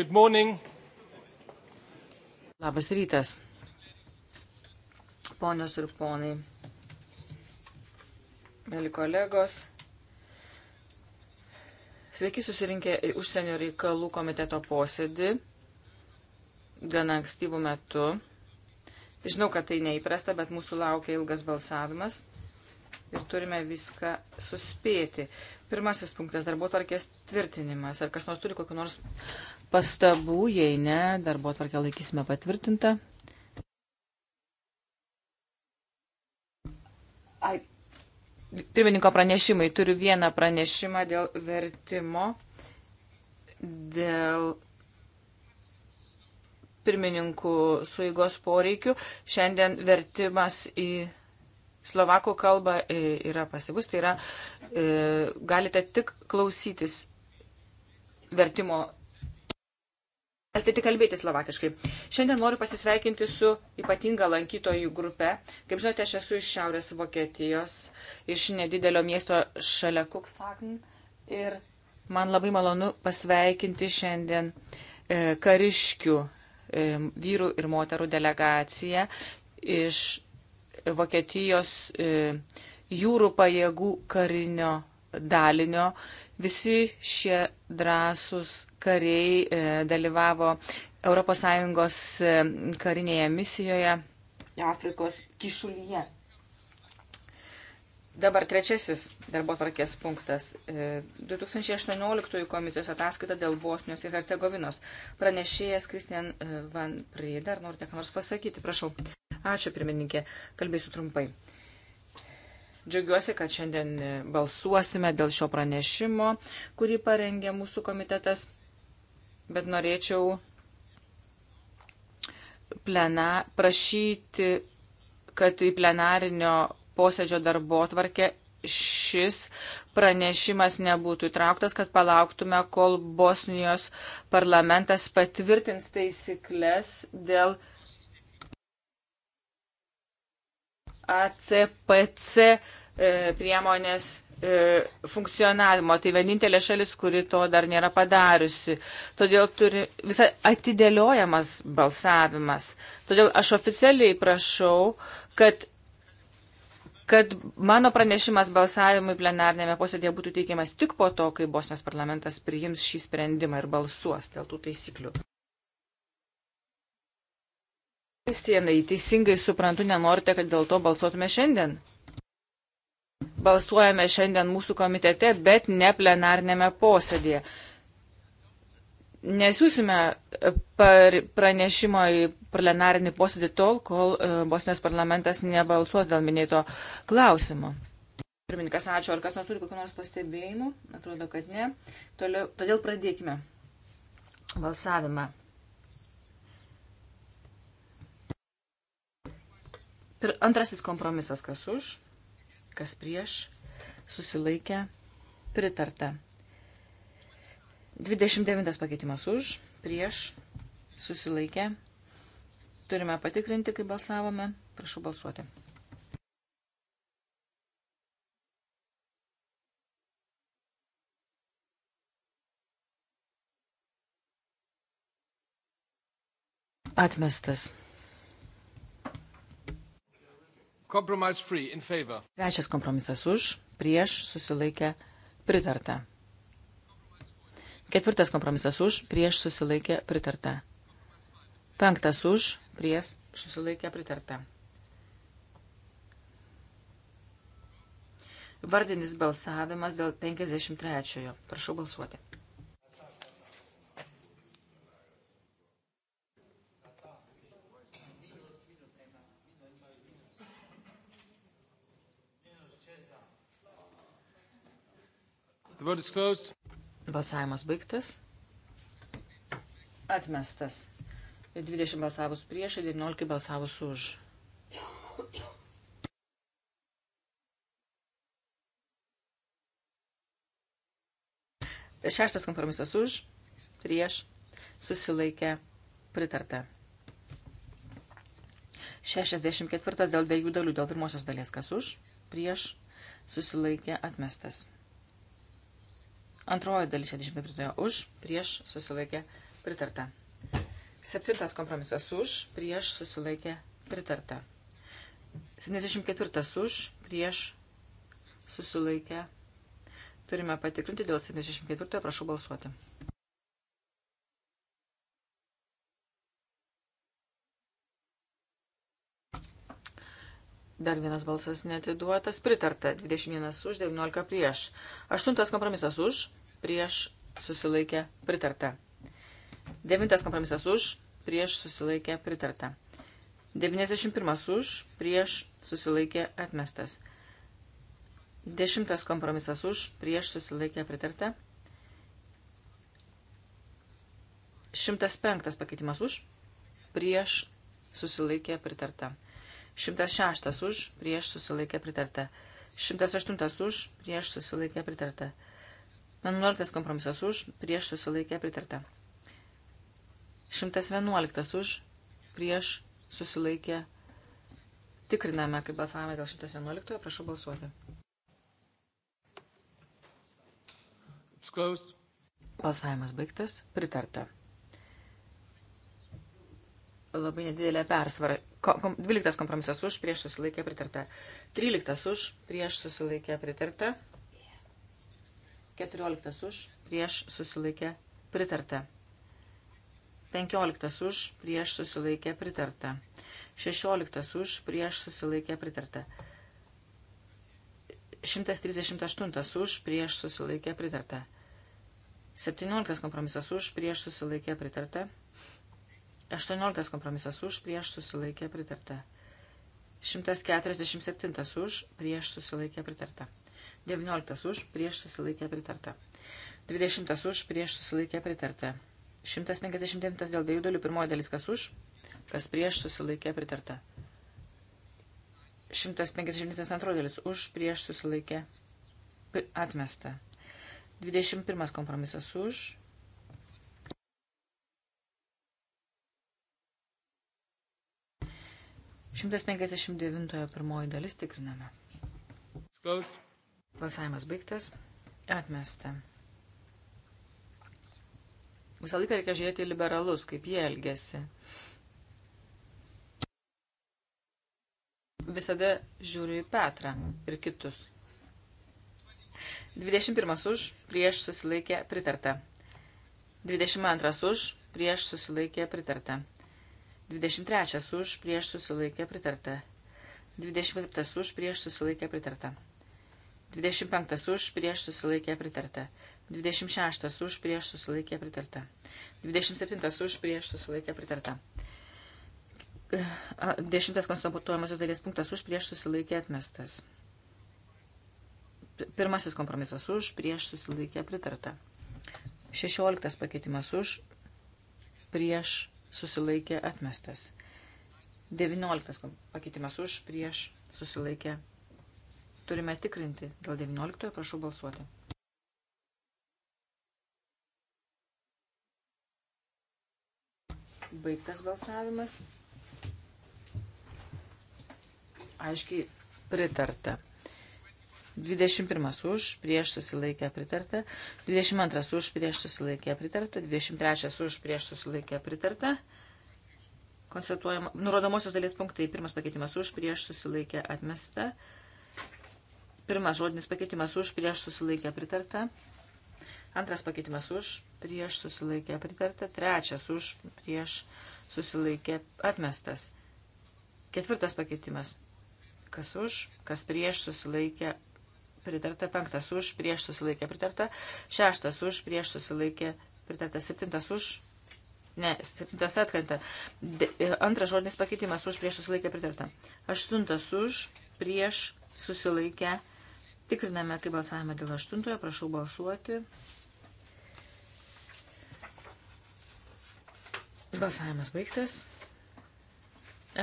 Good morning. Labas rytas. Ponios ir ponai. Mėly kolegos. Sveiki susirinkę į užsienio reikalų komiteto posėdį gana ankstyvų metų. Žinau, kad tai neįprasta, bet mūsų laukia ilgas balsavimas ir turime viską suspėti. Pirmasis punktas - darbo tvarkės tvirtinimas. Ar kas nors turi kokiu nors pastabų, jei ne, darbo atvarkę laikysime patvirtintą. Ai, pirmininko pranešimai. Turiu vieną pranešimą dėl vertimo, dėl pirmininkų suigos poreikių. Šiandien vertimas į slovakų kalbą e, yra pasibus, tai yra e, galite tik klausytis vertimo galite tik kalbėti slovakiškai. Šiandien noriu pasisveikinti su ypatinga lankytojų grupe. Kaip žinote, aš esu iš Šiaurės Vokietijos, iš nedidelio miesto šalia Kuksakn. Ir man labai malonu pasveikinti šiandien e, kariškių e, vyrų ir moterų delegaciją iš Vokietijos e, jūrų pajėgų karinio dalinio Visi šie drąsūs kariai e, dalyvavo ES e, karinėje misijoje Afrikos kišulyje. Dabar trečiasis darbo tvarkės punktas. 2018 e, komisijos ataskaita dėl Bosnijos ir Hercegovinos. Pranešėjas Kristian e, Van Prie. Dar norite ką nors pasakyti? Prašau. Ačiū, pirmininkė. Kalbėsiu trumpai. Džiaugiuosi, kad šiandien balsuosime dėl šio pranešimo, kurį parengė mūsų komitetas, bet norėčiau plena, prašyti, kad į plenarinio posėdžio darbo tvarkę šis pranešimas nebūtų įtrauktas, kad palauktume, kol Bosnijos parlamentas patvirtins taisyklės dėl ACPC e, priemonės e, funkcionavimo. Tai vienintelė šalis, kuri to dar nėra padariusi. Todėl turi visą atidėliojamas balsavimas. Todėl aš oficialiai prašau, kad kad mano pranešimas balsavimui plenarnėme posėdėje būtų teikiamas tik po to, kai Bosnijos parlamentas priims šį sprendimą ir balsuos dėl tų taisyklių. Kristijanai, teisingai suprantu, nenorite, kad dėl to balsuotume šiandien. Balsuojame šiandien mūsų komitete, bet ne plenarnėme posėdėje. Nesiūsime e, pranešimo į plenarinį posėdį tol, kol e, Bosnijos parlamentas nebalsuos dėl minėto klausimo. Pirmininkas, ačiū. Ar kas nors turi kokių nors pastebėjimų? Atrodo, kad ne. Toliau, todėl pradėkime balsavimą. Pir, antrasis kompromisas, kas už, kas prieš, susilaikė, pritarta. 29 pakeitimas už, prieš, susilaikė. Turime patikrinti, kaip balsavome. Prašau balsuoti. Atmestas. Trečias kompromisas už, prieš, susilaikė, pritarta. Ketvirtas kompromisas už, prieš, susilaikė, pritarta. Penktas už, prieš, susilaikė, pritarta. Vardinis balsavimas dėl 53-ojo. Prašau balsuoti. Balsavimas baigtas. Atmestas. 20 balsavus prieš ir 19 balsavus už. Šeštas kompromisas už, prieš, susilaikė, pritarta. 64 dėl dviejų dalių, dėl pirmosios dalies kas už, prieš, susilaikė, atmestas. Antroji dalis 64 už, prieš susilaikė pritarta. Septintas kompromisas už, prieš susilaikė pritarta. 74 už, prieš susilaikė. Turime patikrinti dėl 74, prašau balsuoti. Dar vienas balsas netiduotas. Pritarta. 21 už, 19 prieš. 8 kompromisas už, prieš susilaikė pritarta. 9 kompromisas už, prieš susilaikė pritarta. 91 už, prieš susilaikė atmestas. 10 kompromisas už, prieš susilaikė pritarta. 105 pakeitimas už, prieš susilaikė pritarta. 106 už, prieš susilaikė pritarta. 108 už, prieš susilaikė pritarta. 11 kompromisas už, prieš susilaikė pritarta. 111 už, prieš susilaikė. Tikriname, kaip balsavome dėl 111, prašau balsuoti. Balsavimas baigtas, pritarta labai nedidelė persvara. 12 kompromisas už, prieš susilaikė pritarta. 13 už, prieš susilaikė pritarta. 14 už, prieš susilaikė pritarta. 15 už, prieš susilaikė pritarta. 16 už, prieš susilaikė pritarta. 138 už, prieš susilaikė pritarta. 17 kompromisas už, prieš susilaikė pritarta. 18 kompromisas už, prieš susilaikė pritarta. 147 už, prieš susilaikė pritarta. 19 už, prieš susilaikė pritarta. 20 už, prieš susilaikė pritarta. 159 dėl dviejų dalių pirmoji dalis kas už, kas prieš susilaikė pritarta. 152 dalis už, prieš susilaikė atmesta. 21 kompromisas už, 159 pirmoji dalis tikriname. Closed. Balsavimas baigtas. Atmesta. Visą laiką reikia žiūrėti į liberalus, kaip jie elgesi. Visada žiūriu į Petrą ir kitus. 21 už, prieš susilaikė pritarta. 22 už, prieš susilaikė pritarta. 23 už prieš susilaikę pritarta. 25 už prieš susilaikę pritarta. 25 už prieš susilaikę pritarta. 26 už prieš susilaikę pritarta. 27 už prieš susilaikę pritarta. 10 konstatuojamosios dalies punktas už prieš susilaikę atmestas. Pirmasis kompromisas už prieš susilaikę pritarta. 16 pakeitimas už prieš susilaikė atmestas. 19 pakeitimas už, prieš, susilaikė. Turime tikrinti. Dėl 19 prašau balsuoti. Baigtas balsavimas. Aiškiai pritarta. 21 už, prieš susilaikę pritarta, 22 už, prieš susilaikę pritarta, 23 už, prieš susilaikę pritarta. Konstatuojama, nurodomosios dalies punktai, pirmas pakeitimas už, prieš susilaikę atmesta, pirmas žodinis pakeitimas už, prieš susilaikę pritarta, antras pakeitimas už, prieš susilaikę pritarta, trečias už, prieš susilaikę atmestas, ketvirtas pakeitimas, kas už, kas prieš susilaikę pritarta, penktas už, prieš susilaikė pritarta, šeštas už, prieš susilaikė pritarta, septintas už, ne, septintas atkrenta, De, e, antras žodinis pakeitimas už, prieš susilaikė pritarta, aštuntas už, prieš susilaikė. Tikriname, kaip balsavimą dėl aštuntojo, prašau balsuoti. Balsavimas baigtas.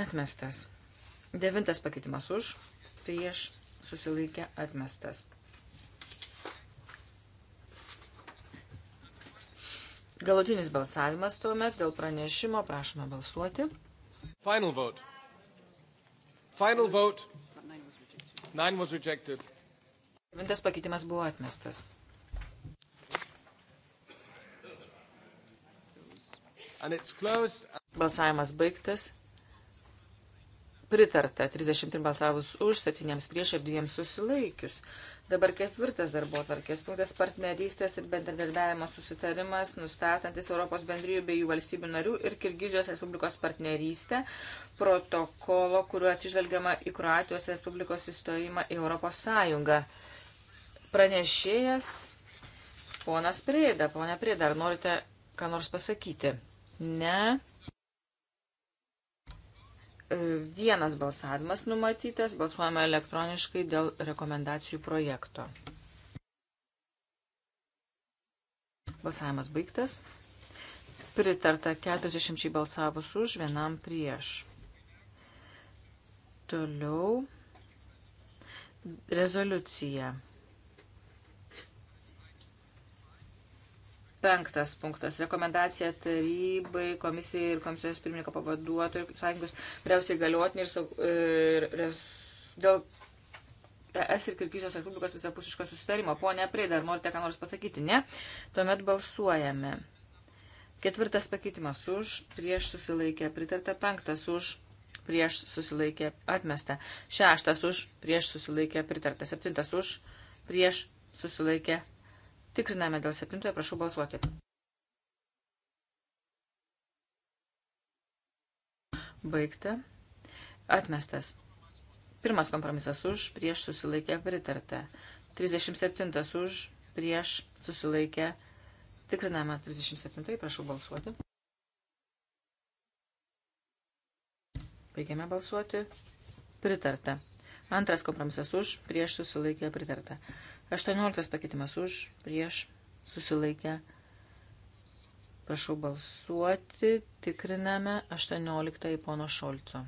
Atmestas. Devintas pakeitimas už, prieš susilaikė atmestas. Galutinis balsavimas tuomet dėl pranešimo prašome balsuoti. Final vote. Final vote. Nine was rejected. Devintas pakeitimas buvo atmestas. Balsavimas baigtas pritarta 33 balsavus už, 7 prieš ir 2 susilaikius. Dabar ketvirtas darbo atvarkės punktas - partnerystės ir bendradarbiavimo susitarimas, nustatantis Europos bendryjų bei jų valstybių narių ir Kirgizijos Respublikos partnerystę, protokolo, kuriuo atsižvelgiama į Kroatijos Respublikos įstojimą į Europos Sąjungą. Pranešėjas ponas Prėda, ponia Prėda, ar norite ką nors pasakyti? Ne. Vienas balsavimas numatytas, balsuojame elektroniškai dėl rekomendacijų projekto. Balsavimas baigtas. Pritarta 40 balsavus už, vienam prieš. Toliau. Rezoliucija. Penktas punktas. Rekomendacija tarybai, komisijai ir komisijos pirmininko pavaduotojų, sąjungos vyriausiai galiotinį ir, ir, ir dėl ES ir Kirgizijos Respublikos visapusiško susitarimo. Pone Prida, ar norite ką nors pasakyti? Ne. Tuomet balsuojame. Ketvirtas pakeitimas už, prieš susilaikė, pritarta. Penktas už, prieš susilaikė, atmesta. Šeštas už, prieš susilaikė, pritarta. Septintas už, prieš susilaikė, Tikriname dėl septintojo, prašau balsuoti. Baigta. Atmestas. Pirmas kompromisas už, prieš susilaikę pritarta. 37 už, prieš susilaikę. Tikriname 37, prašau balsuoti. Baigiame balsuoti. Pritarta. Antras kompromisas už, prieš susilaikę pritarta. 18 pakeitimas už, prieš, susilaikę. Prašau balsuoti. Tikriname 18 pono Šolco.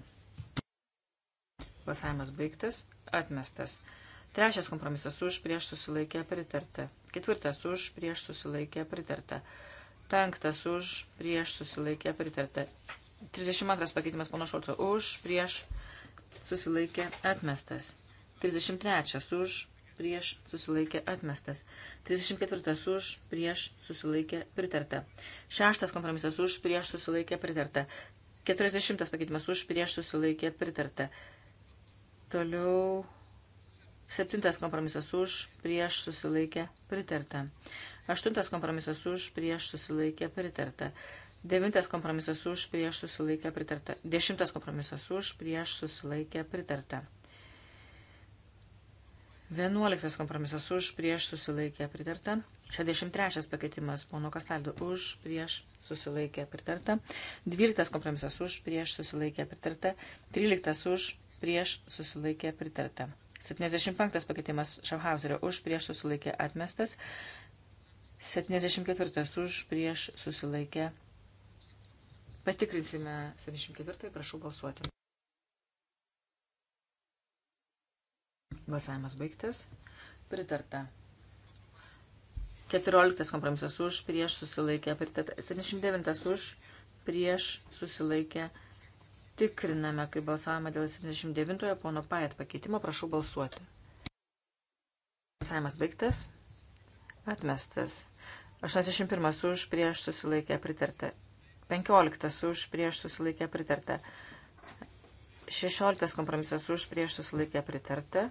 Balsavimas baigtas. Atmestas. Trečias kompromisas už, prieš, susilaikę, pritarta. Ketvirtas už, prieš, susilaikę, pritarta. Penktas už, prieš, susilaikę, pritarta. 32 pakeitimas pono Šolco už, prieš, susilaikė, atmestas. 33 už, prieš susilaikė atmestas. 34 už, prieš susilaikė pritarta. 6 kompromisas už, prieš susilaikė pritarta. 40 pakeitimas už, prieš susilaikė pritarta. Toliau 7 kompromisas už, prieš susilaikė pritarta. 8 kompromisas už, prieš susilaikė pritarta. Devintas kompromisas už, prieš susilaikę pritarta. Dešimtas kompromisas už, prieš susilaikę pritarta. 11 kompromisas už, prieš susilaikė pritarta. 63 pakeitimas pono Kastaldo už, prieš susilaikė pritarta. 12 kompromisas už, prieš susilaikė pritarta. 13 už, prieš susilaikė pritarta. 75 pakeitimas Šafhauserio už, prieš susilaikė atmestas. 74 už, prieš susilaikė. Patikrinsime 74, prašau balsuoti. Balsavimas baigtas. Pritarta. 14 kompromisas už, prieš susilaikė, pritarta. 79 už, prieš susilaikė. Tikriname, kaip balsavimą dėl 79-ojo pono Pajet pakeitimo. Prašau balsuoti. Balsavimas baigtas. Atmestas. 81 už, prieš susilaikė, pritarta. 15 už, prieš susilaikė, pritarta. 16 kompromisas už prieš susilaikę pritarta.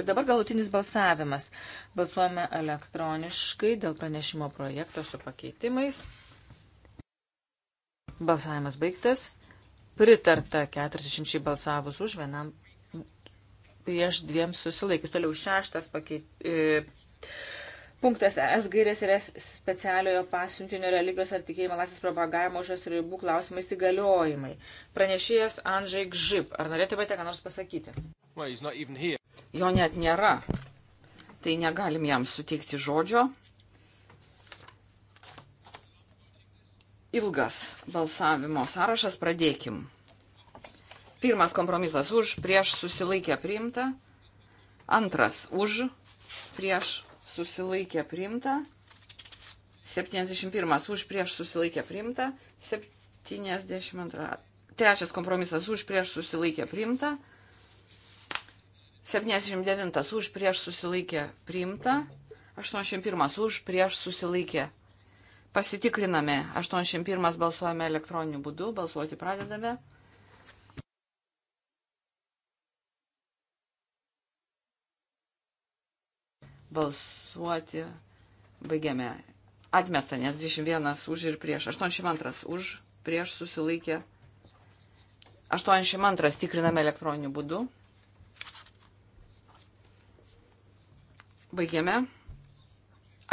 Ir dabar galutinis balsavimas. Balsuojame elektroniškai dėl pranešimo projekto su pakeitimais. Balsavimas baigtas. Pritarta 40 balsavus už vienam prieš dviem susilaikius. Toliau šeštas pakeit, e, Punktas ES gairės ir ES specialiojo pasiuntinio religijos ar tikėjimo laisvės propagavimo už jos ribų klausimais įgaliojimai. Pranešėjas Andžai Gžip. Ar norėtumėte ką nors pasakyti? Well, jo net nėra. Tai negalim jam suteikti žodžio. Ilgas balsavimo sąrašas, pradėkim. Pirmas kompromisas už, prieš susilaikę priimta. Antras už, prieš susilaikė primta. 71 už prieš susilaikė primta. 72. Trečias kompromisas už prieš susilaikė primta. 79 už prieš susilaikė primta. 81 už prieš susilaikė. Pasitikriname. 81 balsuojame elektroniniu būdu. Balsuoti pradedame. Balsuoti. Baigiame. Atmesta, nes 21 už ir prieš. 82 už, prieš susilaikė. 82 tikriname elektroniniu būdu. Baigiame.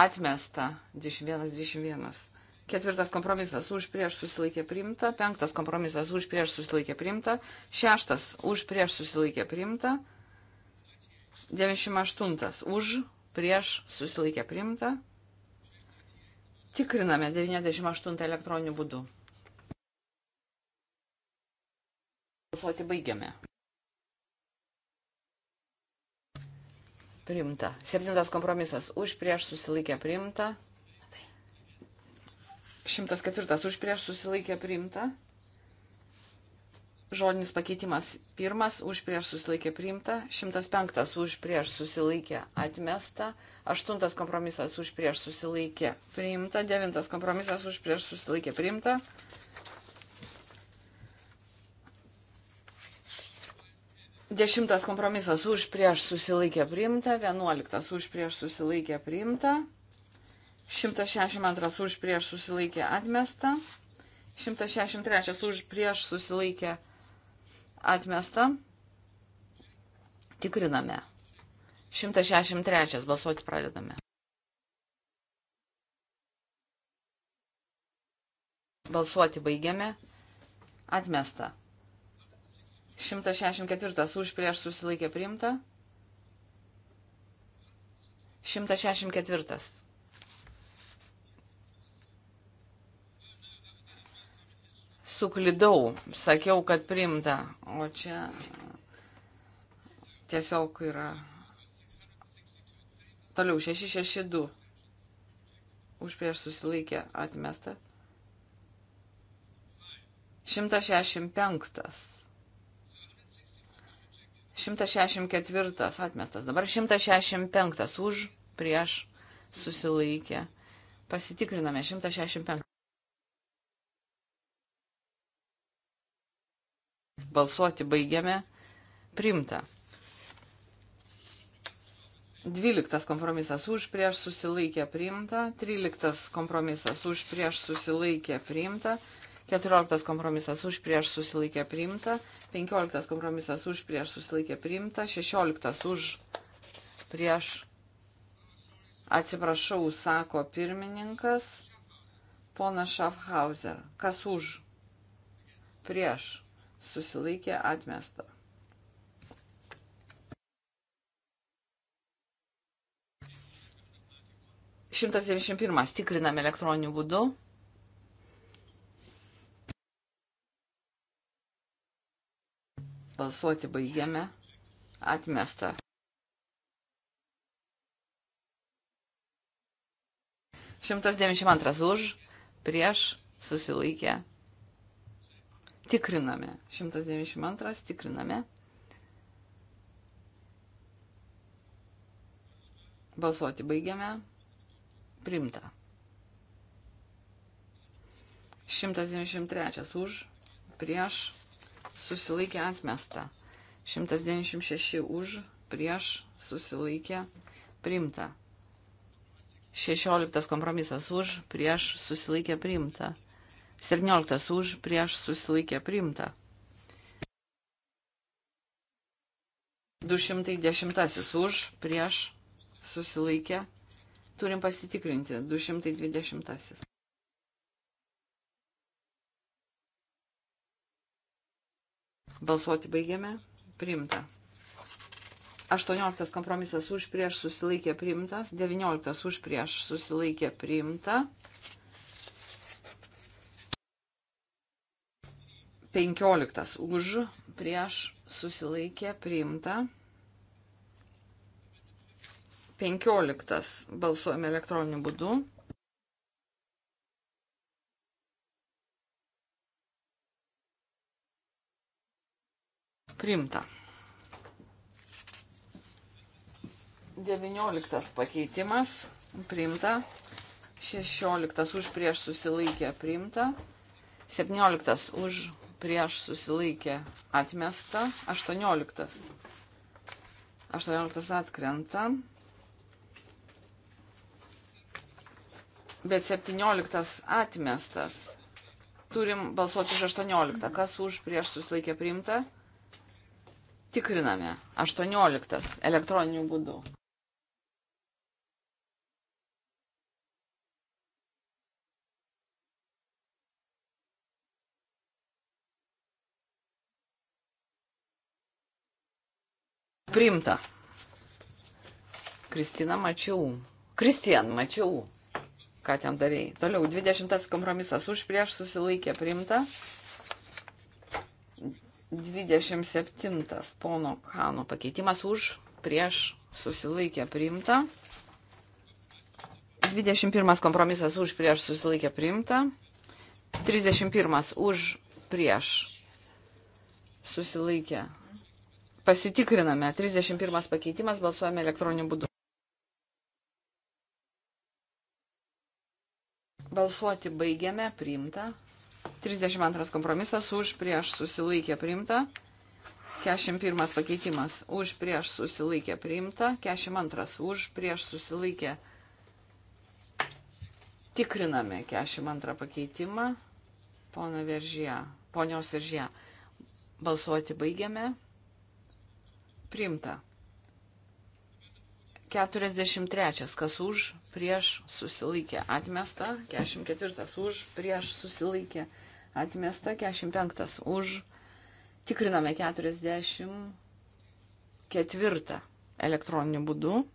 Atmesta 21-21. Ketvirtas kompromisas už prieš susilaikė primta. Penktas kompromisas už prieš susilaikė primta. Šeštas už prieš susilaikė primta. 98 už prieš susilaikę primta. Tikriname 98 elektroniniu būdu. Balsuoti baigiame. Primta. Septintas kompromisas. Už prieš susilaikę primta. 104 už prieš susilaikę primta. Žodinis pakeitimas. Pirmas už prieš susilaikė priimta, 105 už prieš susilaikė atmesta, 8 kompromisas už prieš susilaikė priimta, 9 kompromisas už prieš susilaikė priimta. Dešimtas kompromisas už prieš susilaikė priimta, vienuoliktas už prieš susilaikė priimta, 162 už prieš susilaikė atmesta, 163 už prieš susilaikė priimta. Atmesta. Tikriname. 163. Balsuoti pradedame. Balsuoti baigiame. Atmesta. 164. Už prieš susilaikė priimta. 164. suklidau, sakiau, kad primta, o čia tiesiog yra toliau 662 už prieš susilaikę atmestą. 165. 164 atmestas. Dabar 165 už prieš susilaikę. Pasitikriname 165. Balsuoti baigiame. Primta. 12 kompromisas už prieš susilaikė priimta, 13 kompromisas už prieš susilaikė priimta, 14 kompromisas už prieš susilaikė priimta, 15 kompromisas už prieš susilaikė priimta, 16 už prieš atsiprašau, sako pirmininkas, pona Schaffhauser, kas už prieš susilaikė atmesta. Šimtas devyniasdešimt pirmas tikriname elektroniniu būdu. Balsuoti baigiame. Atmesta. Šimtas devyniasdešimt antras už, prieš, susilaikė Tikriname. 192 tikriname. Balsuoti baigiame. Primta. 193 už, prieš, susilaikė atmesta. 196 už, prieš, susilaikė, primta. 16 kompromisas už, prieš, susilaikė, primta. 17 už prieš susilaikė priimta. 210 už prieš susilaikė. Turim pasitikrinti. 220. Balsuoti baigiame. Priimta. 18 kompromisas už prieš susilaikė priimtas, 19 už prieš susilaikė priimta, 15 už, prieš, susilaikė, priimta. 15 balsuojame elektroniniu būdu. Primta. 19 pakeitimas. Primta. 16 už prieš susilaikę. Primta. 17 už prieš susilaikė atmesta, 18. 18 atkrenta. Bet 17 atmestas. Turim balsuoti už 18. Kas už prieš susilaikė priimta? Tikriname. 18. Elektroniniu būdu. Primta. Kristina, mačiau. Kristian, mačiau, ką ten darėjai. Toliau, 20 kompromisas už prieš susilaikė primta. 27 pono Kano pakeitimas už prieš susilaikė primta. 21 kompromisas už prieš susilaikė primta. 31 už prieš susilaikė primta Pasitikriname. 31 pakeitimas balsuojame elektroniniu būdu. Balsuoti baigiame, priimta. 32 kompromisas už prieš susilaikė priimta. 41 pakeitimas už prieš susilaikė priimta. 42 už prieš susilaikė. Tikriname 42 pakeitimą. Pono veržyje, ponios veržyje. Balsuoti baigiame. Primta. 43. Kas už, prieš susilaikė atmesta. 44. Už, prieš susilaikė atmesta. 45. Už. Tikriname 44 elektroniniu būdu.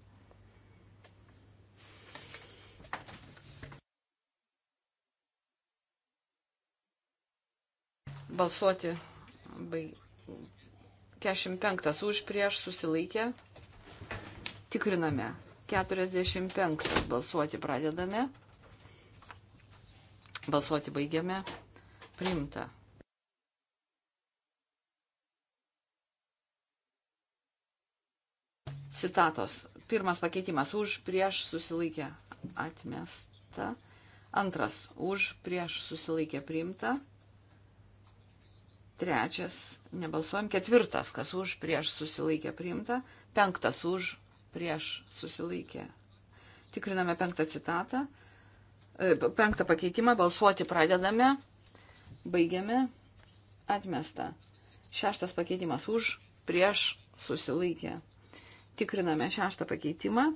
Balsuoti baigti 45 už prieš susilaikė. Tikriname. 45 balsuoti pradedame. Balsuoti baigiame. Primta. Citatos. Pirmas pakeitimas už prieš susilaikė atmesta. Antras už prieš susilaikė priimta. Trečias, nebalsuojam. Ketvirtas, kas už, prieš susilaikė priimta. Penktas už, prieš susilaikė. Tikriname penktą citatą. E, penktą pakeitimą, balsuoti pradedame. Baigiame. Atmesta. Šeštas pakeitimas už, prieš susilaikė. Tikriname šeštą pakeitimą.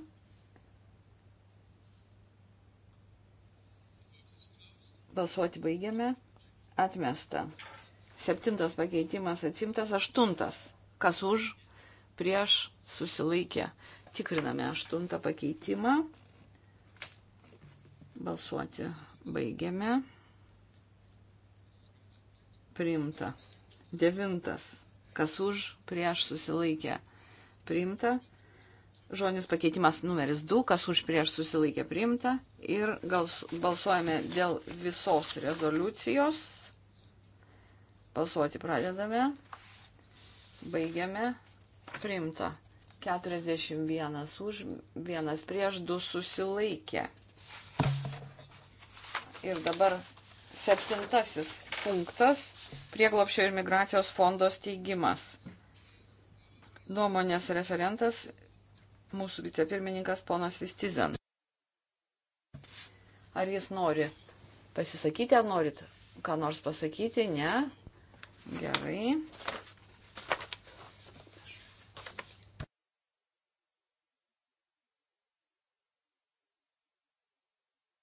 Balsuoti baigiame. Atmesta. Septintas pakeitimas atsimtas, aštuntas. Kas už, prieš, susilaikė. Tikriname aštuntą pakeitimą. Balsuoti baigiame. Priimta. Devintas. Kas už, prieš, susilaikė. Priimta. Žodis pakeitimas numeris 2, kas už prieš susilaikė priimta. Ir balsuojame dėl visos rezoliucijos Balsuoti pradedame. Baigiame. Primta. 41 už, 1 prieš, 2 susilaikė. Ir dabar septintasis punktas - prieglopšio ir migracijos fondo steigimas. Nuomonės referentas mūsų vicepirmininkas ponas Vistizen. Ar jis nori pasisakyti, ar norit ką nors pasakyti? Ne. Gerai.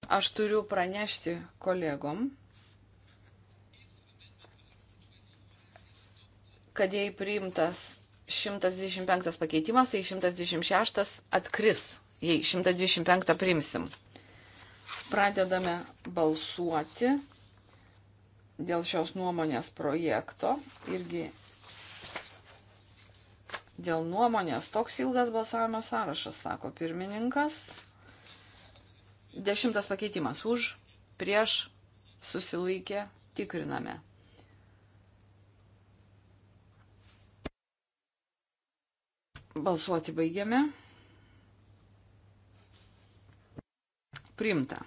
Aš turiu pranešti kolegom, kad jei priimtas 125 pakeitimas, tai 126 atkris, jei 125 priimsim. Pradedame balsuoti dėl šios nuomonės projekto. Irgi dėl nuomonės toks ilgas balsavimo sąrašas, sako pirmininkas. Dešimtas pakeitimas už, prieš, susilaikė, tikriname. Balsuoti baigiame. Primta.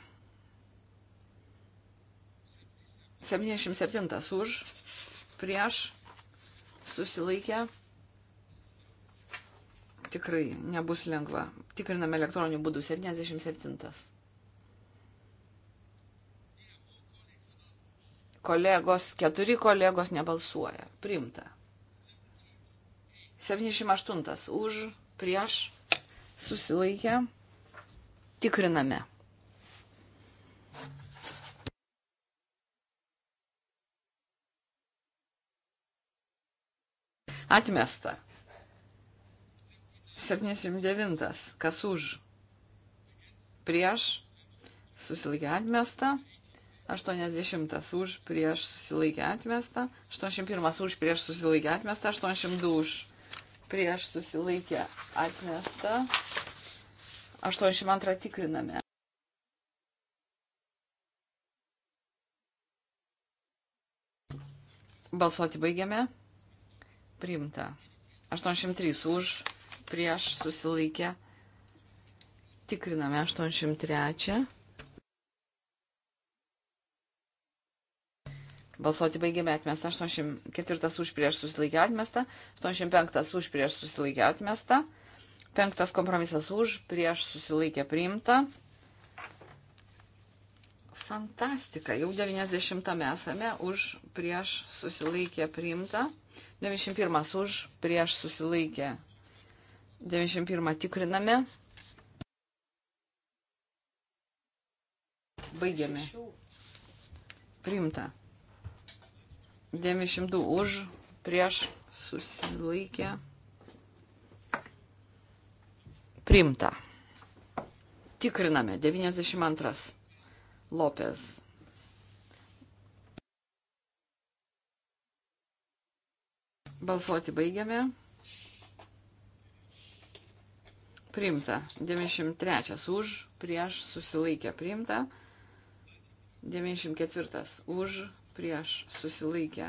77 už, prieš, susilaikę. Tikrai nebus lengva. Tikriname elektroniniu būdu 77. Kolegos, keturi kolegos nebalsuoja. Primta. 78 už, prieš, susilaikę. Tikriname. Atmesta. 79. Kas už? Prieš susilaikė atmesta. 80 už prieš susilaikė atmesta. 81 už prieš susilaikė atmesta. 82 už prieš susilaikė atmesta. 82 tikriname. Balsuoti baigiame. Priimta. 803 už, prieš, susilaikė. Tikriname 803. Balsuoti baigėme atmestą. 84 už, prieš, susilaikė atmestą. 85 už, prieš, susilaikė atmestą. 5 kompromisas už, prieš, susilaikė priimta. Fantastika. Jau 90 esame už, prieš, susilaikė priimta. 91 už, prieš susilaikė. 91 tikriname. Baigiame. Primta. 92 už, prieš susilaikė. Primta. Tikriname. 92. Lopės. Balsuoti baigiame. Primta. 93 už, prieš, susilaikė. Primta. 94 už, prieš, susilaikė.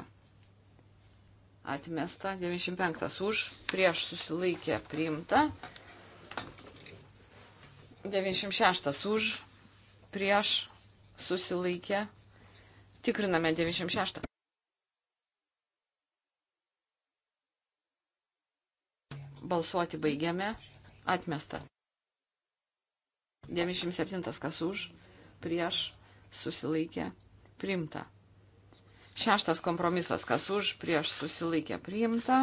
Atmesta. 95 už, prieš, susilaikė. Primta. 96 už, prieš, susilaikė. Tikriname 96. Balsuoti baigiame. Atmesta. 97 kas už, prieš, susilaikė, priimta. Šeštas kompromisas kas už, prieš, susilaikė, priimta.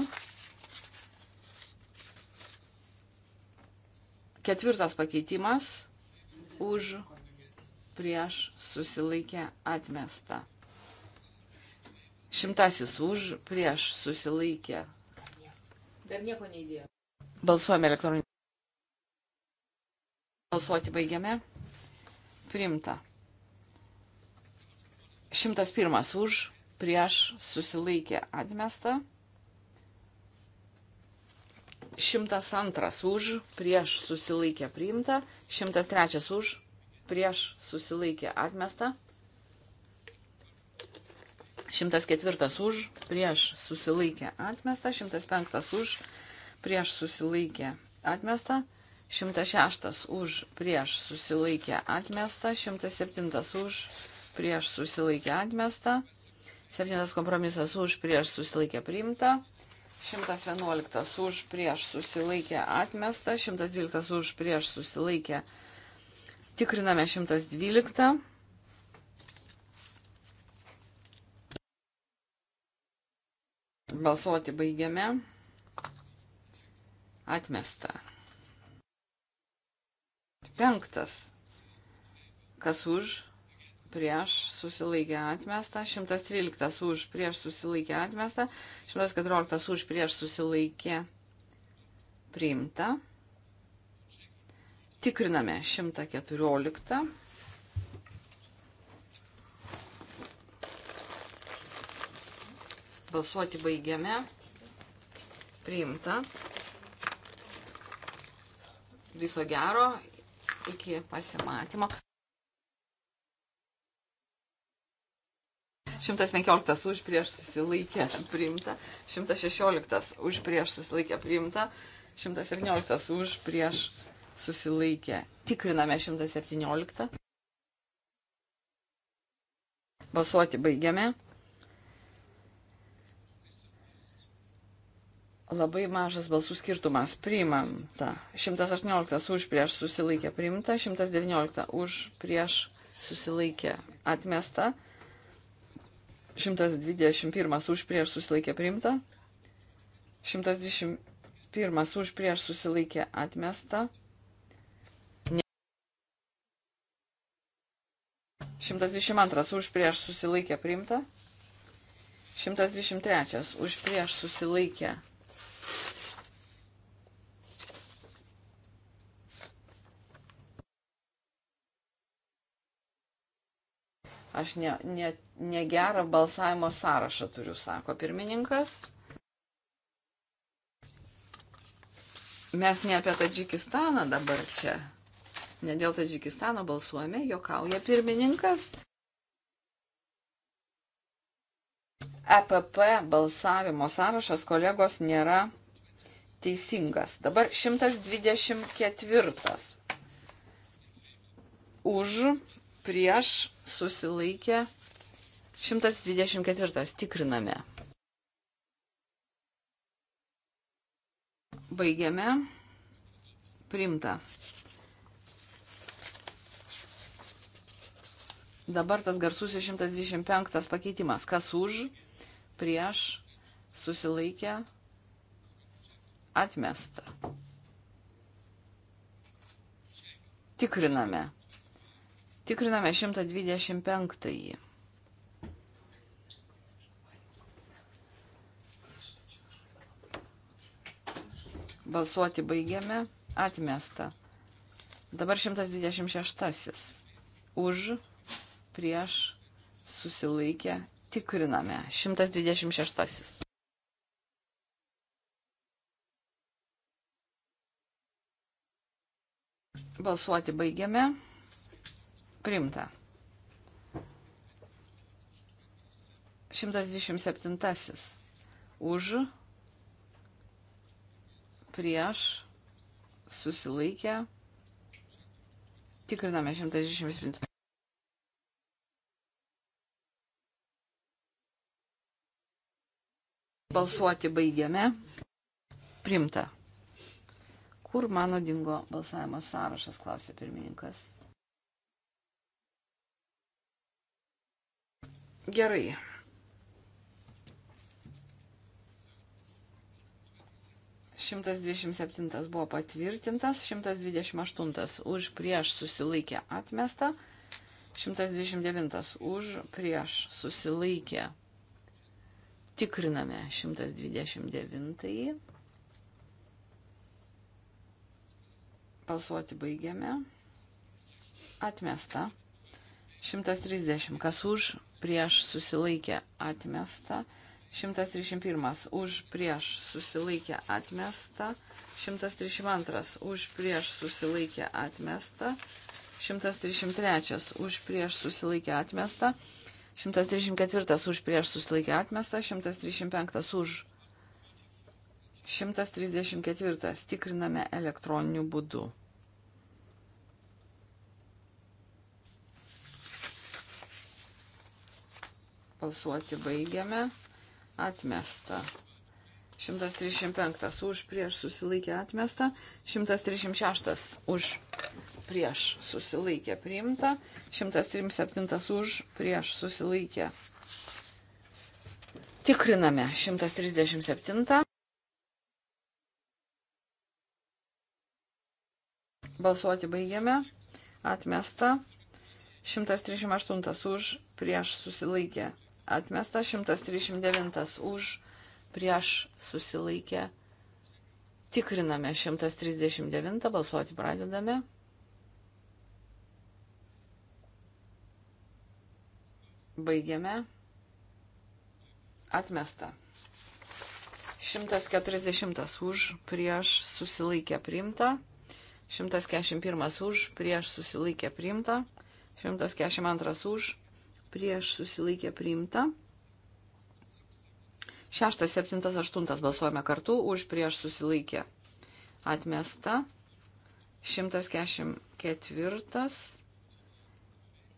Ketvirtas pakeitimas už, prieš, susilaikė, atmesta. Šimtasis už, prieš, susilaikė. Dar nieko neįdėjo. Balsuojame elektroninį. Balsuoti baigiame. Primta. 101 už, prieš susilaikė atmesta. 102 už, prieš susilaikė priimta. 103 už, prieš susilaikė atmesta. 104 už, prieš susilaikė atmesta. 105 už, prieš susilaikė atmesta, 106 už prieš susilaikė atmesta, 107 už prieš susilaikė atmesta, 7 kompromisas už prieš susilaikė priimta, 111 už prieš susilaikė atmesta, 112 už prieš susilaikė. Tikriname 112. Balsuoti baigiame. Atmesta. Penktas. Kas už? prieš susilaikė atmestą, 113 už prieš susilaikė atmestą, 114 už prieš susilaikė priimta. Tikriname 114. Balsuoti baigiame. Priimta. Viso gero, iki pasimatymo. 115 už prieš susilaikė priimta, 116 už prieš susilaikė priimta, 117 už prieš susilaikė. Tikriname 117. Balsuoti baigiame. Labai mažas balsų skirtumas. Priimam tą. 118 už prieš susilaikė priimta, 119 už prieš susilaikė atmesta, 121 už prieš susilaikė priimta, 121 už prieš susilaikė atmesta. 122 už prieš susilaikė priimta. 123 už prieš susilaikė Aš ne, ne, negerą balsavimo sąrašą turiu, sako pirmininkas. Mes ne apie Tadžikistaną dabar čia. Ne dėl Tadžikistano balsuojame, jokauja pirmininkas. EPP balsavimo sąrašas kolegos nėra teisingas. Dabar 124. Už prieš susilaikė 124. Tikriname. Baigiame. Primta. Dabar tas garsusis 125 pakeitimas. Kas už, prieš, susilaikę, atmesta. Tikriname. Tikriname 125. Balsuoti baigiame. Atmesta. Dabar 126. Už, prieš, susilaikę. Tikriname. 126. Balsuoti baigiame Primta. 127. Už, prieš, susilaikę. Tikriname 127. Balsuoti baigiame. Primta. Kur mano dingo balsavimo sąrašas, klausė pirmininkas. Gerai. Šimtas dvidešimt septintas buvo patvirtintas, šimtas dvidešimt aštuntas už prieš susilaikė atmestą, šimtas dvidešimt devintas už prieš susilaikė. Tikriname šimtas dvidešimt devintąjį. Balsuoti baigiame. Atmesta. 130. Kas už, prieš susilaikė atmesta. 131 už prieš susilaikė atmesta, 132 už prieš susilaikė atmesta, 133 už prieš susilaikė atmesta, 134 už prieš susilaikė atmesta, 135 už 134 tikriname elektroniniu būdu. Balsuoti baigiame. Atmesta. 135 už prieš susilaikė atmesta. 136 už prieš susilaikė priimta. 137 už prieš susilaikė. Tikriname 137. Balsuoti baigiame. Atmesta. 138 už prieš susilaikė atmesta, 139 už, prieš susilaikė. Tikriname 139, balsuoti pradedame. Baigiame. Atmesta. 140 už, prieš susilaikė priimta. 141 už, prieš susilaikė priimta. 142 už, prieš susilaikė priimta. Šeštas, septintas, aštuntas balsuojame kartu, už prieš susilaikė atmesta. 144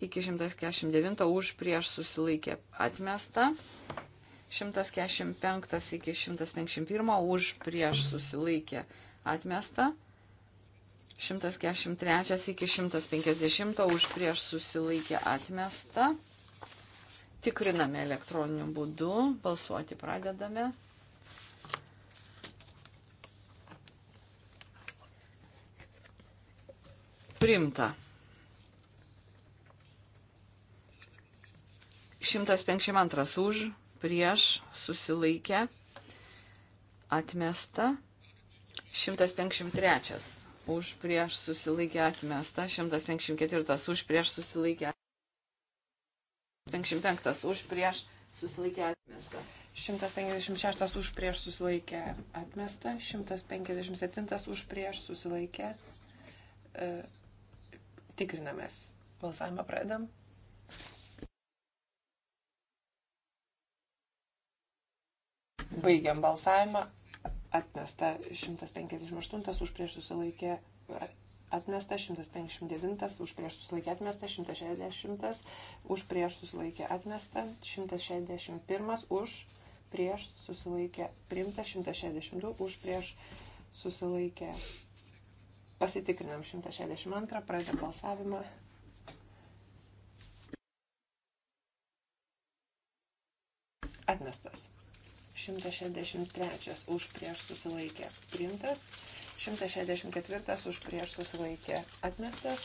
iki 149 už prieš susilaikė atmesta. 145 iki 151 už prieš susilaikė atmesta. 143 iki 150 už prieš susilaikė atmesta. Tikriname elektroniniu būdu, balsuoti pradedame. Primta. 152 už, prieš, susilaikę, atmesta. 153 už, prieš, susilaikę, atmesta. 154 už, prieš, susilaikę. 55 už prieš susilaikė atmesta. 156 už prieš susilaikė atmesta. 157 už prieš susilaikė. E, tikrinamės. Balsavimą pradedam. Baigiam balsavimą. Atmesta 158 už prieš susilaikė atmesta, 159 už prieš susilaikė atmesta, 160 už prieš susilaikė atmesta, 161 už prieš susilaikė primta, 162 už prieš susilaikė. Pasitikrinam 162, pradedam balsavimą. Atmestas. 163 už prieš susilaikė primtas. 164 už prieš susilaikė atmestas,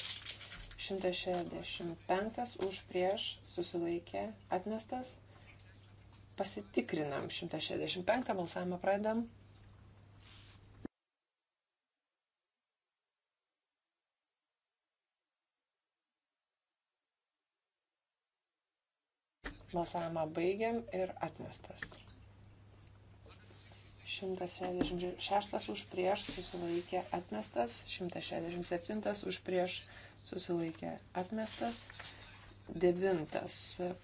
165 už prieš susilaikė atmestas. Pasitikrinam 165 balsavimą pradedam. Balsavimą baigiam ir atmestas. 166 už prieš susilaikė atmestas, 167 už prieš susilaikė atmestas, 9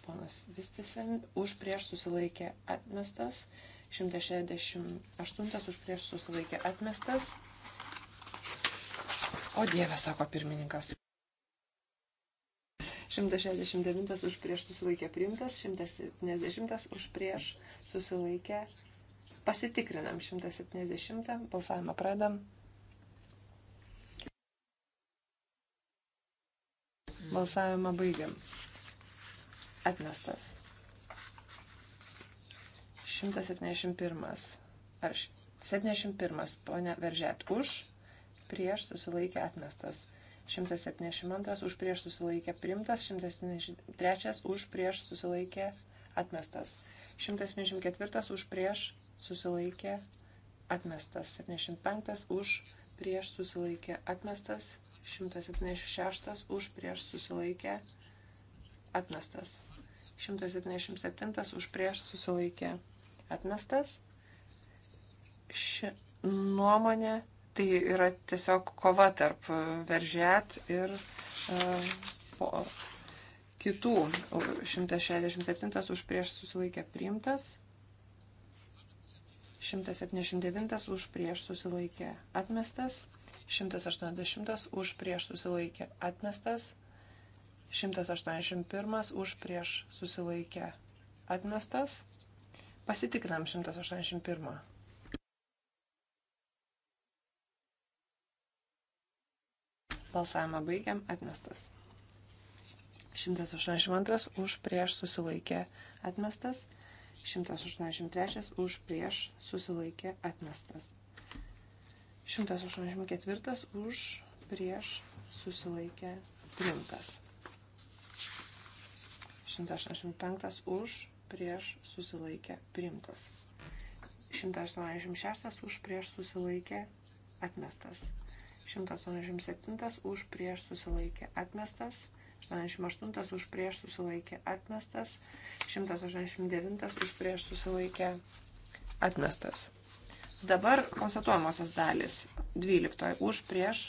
ponas Vistisen už prieš susilaikė atmestas, 168 už prieš susilaikė atmestas. O Dieve, sako pirmininkas. 169 už prieš susilaikė priimtas, 170 už prieš susilaikė atmestas. Pasitikrinam 170, balsavimą pradam. Balsavimą baigiam. Atmestas. 171. Ar 71. Pone Veržet. Už. Prieš susilaikė atmestas. 172. Už prieš susilaikė primtas. 173. Už prieš susilaikė atmestas. 174. Už prieš susilaikė atmestas. 75 už prieš susilaikė atmestas. 176 už prieš susilaikė atmestas. 177 už prieš susilaikė atmestas. Ši nuomonė tai yra tiesiog kova tarp e, veržet ir uh, po, kitų. 167 už prieš susilaikė priimtas. 179 už prieš susilaikė atmestas, 180 už prieš susilaikė atmestas, 181 už prieš susilaikė atmestas. Pasitikrinam 181. Balsavimą baigiam atmestas. 182 už prieš susilaikė atmestas. 183 už prieš susilaikė atmestas. 184 už prieš susilaikė priimtas. 185 už prieš susilaikė priimtas. 186 už prieš susilaikė atmestas. 187 už prieš susilaikė atmestas. 88 už prieš susilaikė atmestas, 189 už prieš susilaikė atmestas. Dabar konstatuojamosios dalis 12 už prieš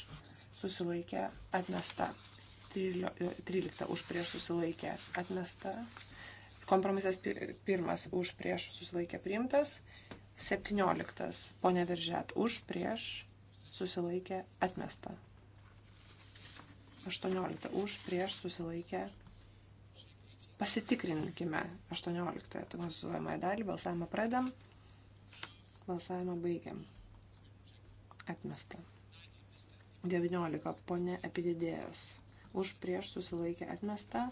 susilaikė atmesta, 13 e, už prieš susilaikė atmesta, kompromisas pirmas už prieš susilaikė priimtas, 17 poneveržet už prieš susilaikė atmesta. 18 už, prieš susilaikę. Pasitikrinkime 18 balsuojamąją dalį. Balsavimą pradam. Balsavimą baigiam. Atmesta. 19 ponė epididėjos. Už prieš susilaikę atmesta.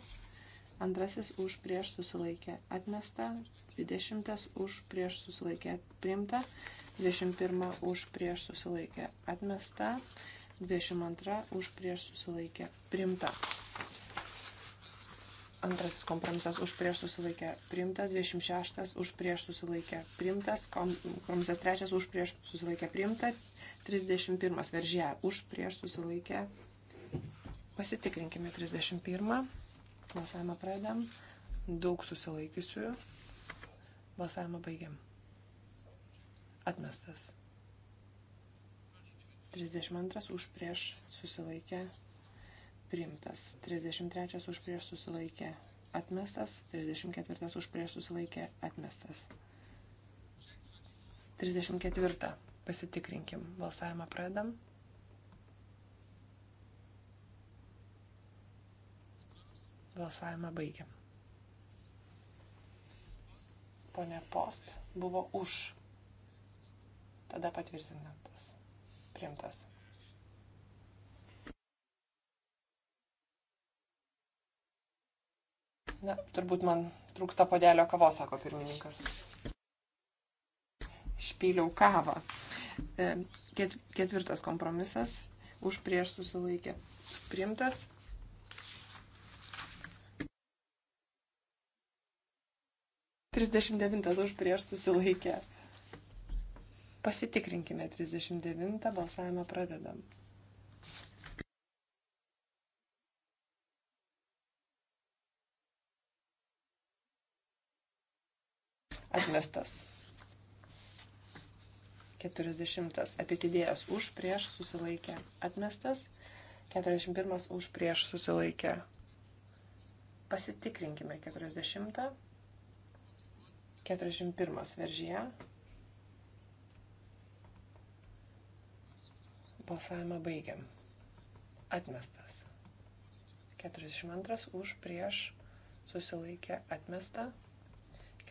Antrasis už prieš susilaikę atmesta. 20 už prieš susilaikę priimta. 21 už prieš susilaikę atmesta. 22 už prieš susilaikę primta. Antrasis kompromisas už prieš susilaikę primtas, 26 už prieš susilaikę primtas, kompromisas trečias už prieš susilaikę primta, 31 veržė už prieš susilaikę. Pasitikrinkime 31. Balsavimą pradedam. Daug susilaikiusiųjų. Balsavimą baigiam. Atmestas. 32 už prieš susilaikę priimtas, 33 už prieš susilaikę atmestas, 34 už prieš susilaikę atmestas. 34. Pasitikrinkim. Balsavimą pradam. Balsavimą baigiam. Pone Post buvo už. Tada patvirtinantas. Priimtas. Na, turbūt man trūksta padelio kavos, sako pirmininkas. Išpyliau kavą. E, ketvirtas kompromisas. Už prieš susilaikė. Priimtas. Trisdešimt devintas už prieš susilaikė. Pasitikrinkime 39 balsavimą pradedam. Atmestas. 40. Apitidėjas už prieš susilaikė. Atmestas. 41. Už prieš susilaikė. Pasitikrinkime 40. 41. Veržyje. Balsavimą baigiam. Atmestas. 42 už prieš susilaikė atmesta.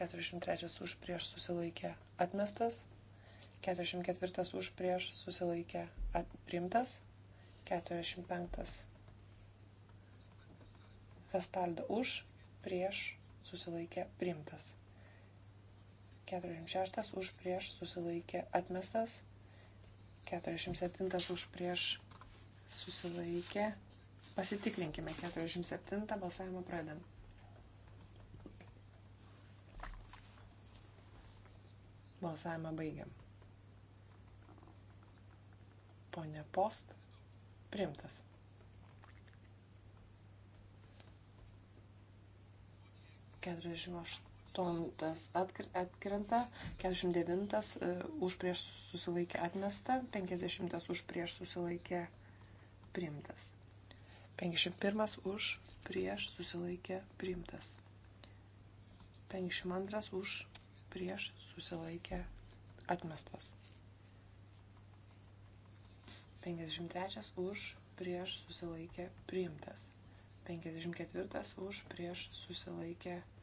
43 už prieš susilaikė atmestas. 44 už prieš susilaikė priimtas. 45 Vestaldo už prieš susilaikė priimtas. 46 už prieš susilaikė atmestas. 47 už prieš susilaikė. Pasitikrinkime 47 balsavimą pradam. Balsavimą baigiam. Pone Post, primtas. Keturiasdešimt aštuntas atkrenta, 49 e, už prieš susilaikė atmesta, 50 už prieš susilaikė priimtas, 51 už prieš susilaikė priimtas, 52 už prieš susilaikė atmestas, 53 už prieš susilaikė priimtas, 54 už prieš susilaikė priimtas.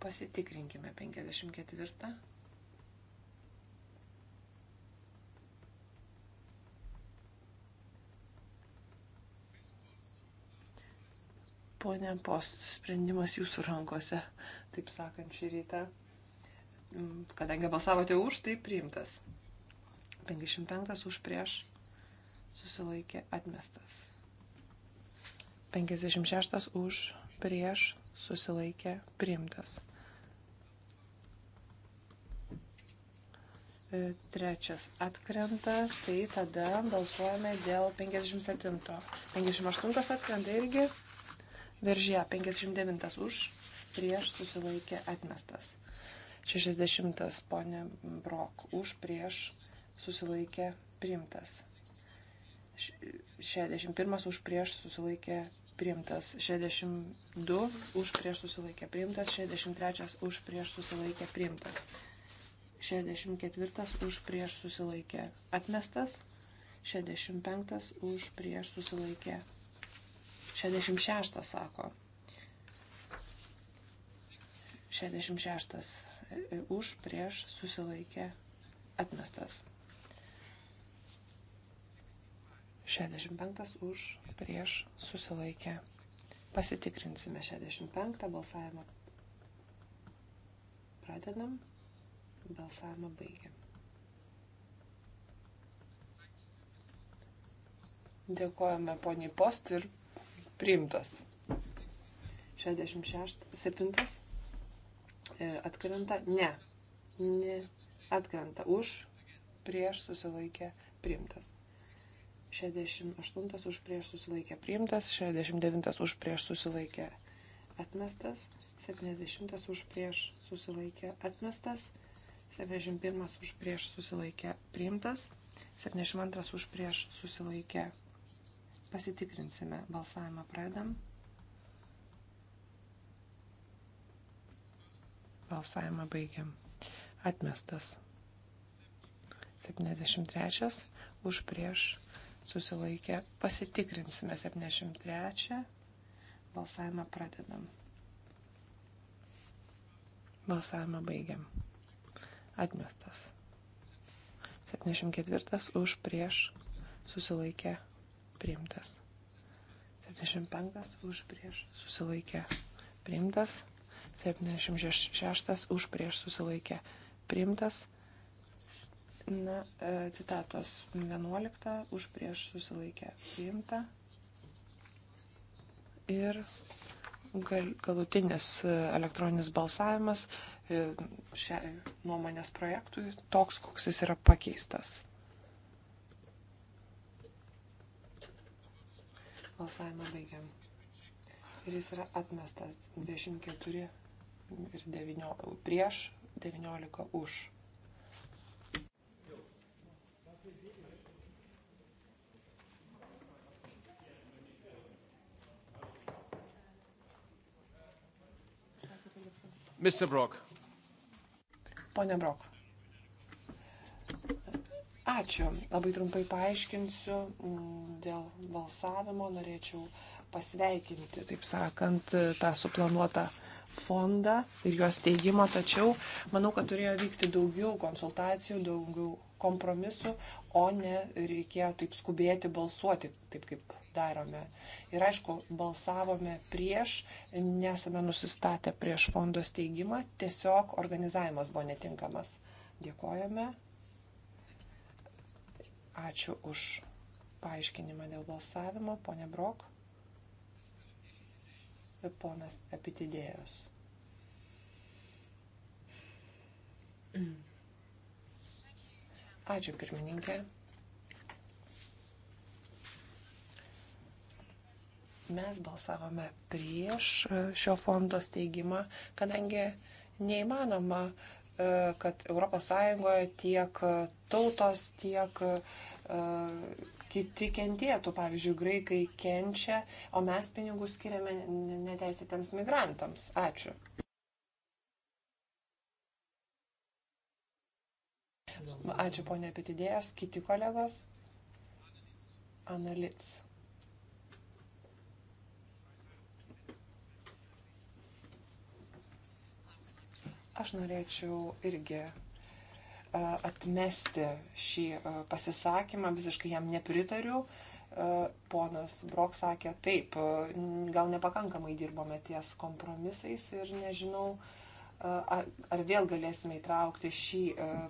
Pasitikrinkime 54. Pone Post, sprendimas jūsų rankose, taip sakant, šį rytą. Mm, kadangi balsavote už, tai priimtas. 55 už prieš susilaikė atmestas. 56 už prieš susilaikė priimtas. E, trečias atkrenta, tai tada balsuojame dėl 57. 58 atkrenta irgi, veržyje 59 už, prieš susilaikė atmestas. 60 ponė Brok už, prieš susilaikė priimtas. 61 už prieš susilaikė priimtas 62 už prieš susilaikę priimtas, 63 už prieš susilaikę priimtas, 64 už prieš susilaikę atmestas, 65 už prieš susilaikę, 66 sako, 66 e, e, už prieš susilaikę atmestas. 65 už, prieš, susilaikę. Pasitikrinsime 65 balsavimą. Pradedam. Balsavimą baigiam. Dėkojame poniai post ir priimtas. 66. 7. Atkrenta. Ne. ne. Atkrenta. Už. Prieš susilaikė. Priimtas. 68 už prieš susilaikė priimtas, 69 už prieš susilaikė atmestas, 70 už prieš susilaikė atmestas, 71 už prieš susilaikė priimtas, 72 už prieš susilaikė. Pasitikrinsime, balsavimą pradam. Balsavimą baigiam. Atmestas. 73 už prieš susilaikė. Pasitikrinsime 73. Balsavimą pradedam. Balsavimą baigiam. Atmestas. 74 už prieš susilaikė priimtas. 75 už prieš susilaikė priimtas. 76 už prieš susilaikė priimtas. Na, e, citatos 11 už prieš susilaikę priimta. Ir gal, galutinis e, elektroninis balsavimas e, šią nuomonės projektui toks, koks jis yra pakeistas. Balsavimą baigiam. Ir jis yra atmestas 24 ir 9, prieš 19 už. Mr. Brok. Pone Brok. Ačiū. Labai trumpai paaiškinsiu mm, dėl balsavimo. Norėčiau pasveikinti, taip sakant, tą suplanuotą fondą ir jos teigimą, tačiau manau, kad turėjo vykti daugiau konsultacijų, daugiau kompromisų, o ne reikėjo taip skubėti balsuoti, taip kaip darome. Ir aišku, balsavome prieš, nesame nusistatę prieš fondo steigimą, tiesiog organizavimas buvo netinkamas. Dėkojame. Ačiū už paaiškinimą dėl balsavimo, ponė Brok ir ponas Epitidėjos. Mm. Ačiū pirmininkė. Mes balsavome prieš e, šio fondo steigimą, kadangi neįmanoma, e, kad ES tiek e, tautos, tiek kiti kentėtų. Pavyzdžiui, graikai kenčia, o mes pinigus skiriame neteisėtiems migrantams. Ačiū. Ačiū ponė Petidėjas, kiti kolegos. Analits. Aš norėčiau irgi atmesti šį pasisakymą, visiškai jam nepritariu. Ponas Brok sakė, taip, gal nepakankamai dirbome ties kompromisais ir nežinau, uh, ar vėl galėsime įtraukti šį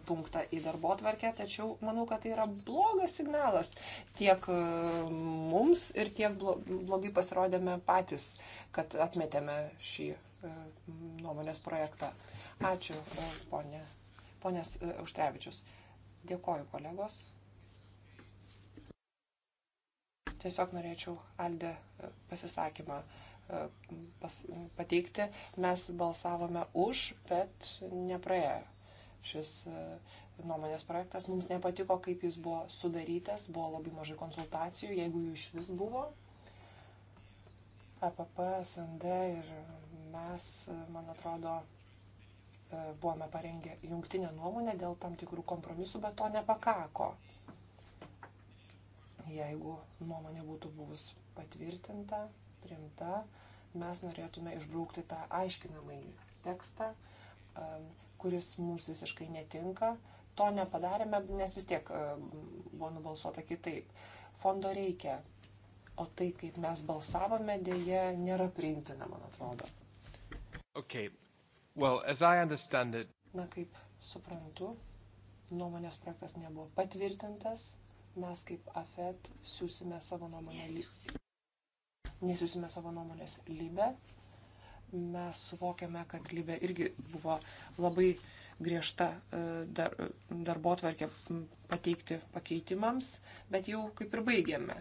punktą į darbo tvarkę, tačiau manau, kad tai yra blogas signalas tiek mums ir tiek blogai pasirodėme patys, kad atmetėme šį nuomonės projektą. Ačiū, ponė, ponės Užtrevičius. Dėkoju, kolegos. Tiesiog norėčiau Aldė pasisakymą pas, pateikti. Mes balsavome už, bet nepraėjo šis e, nuomonės projektas. Mums nepatiko, kaip jis buvo sudarytas, buvo labai mažai konsultacijų, jeigu jų iš vis buvo. APP, SND ir mes, man atrodo, e, buvome parengę jungtinę nuomonę dėl tam tikrų kompromisų, bet to nepakako. Jeigu nuomonė būtų buvus patvirtinta, primta, mes norėtume išbraukti tą aiškinamąjį tekstą, kuris mums visiškai netinka. To nepadarėme, nes vis tiek buvo nubalsuota kitaip. Fondo reikia, o tai, kaip mes balsavome, dėje nėra priimtina, man atrodo. Okay. Well, it... Na, kaip suprantu, nuomonės projektas nebuvo patvirtintas, mes kaip AFET siūsime savo nuomonę. Yes nesiūsime savo nuomonės Libe. Mes suvokiame, kad Libe irgi buvo labai griežta e, dar, darbo tvarkė pateikti pakeitimams, bet jau kaip ir baigėme.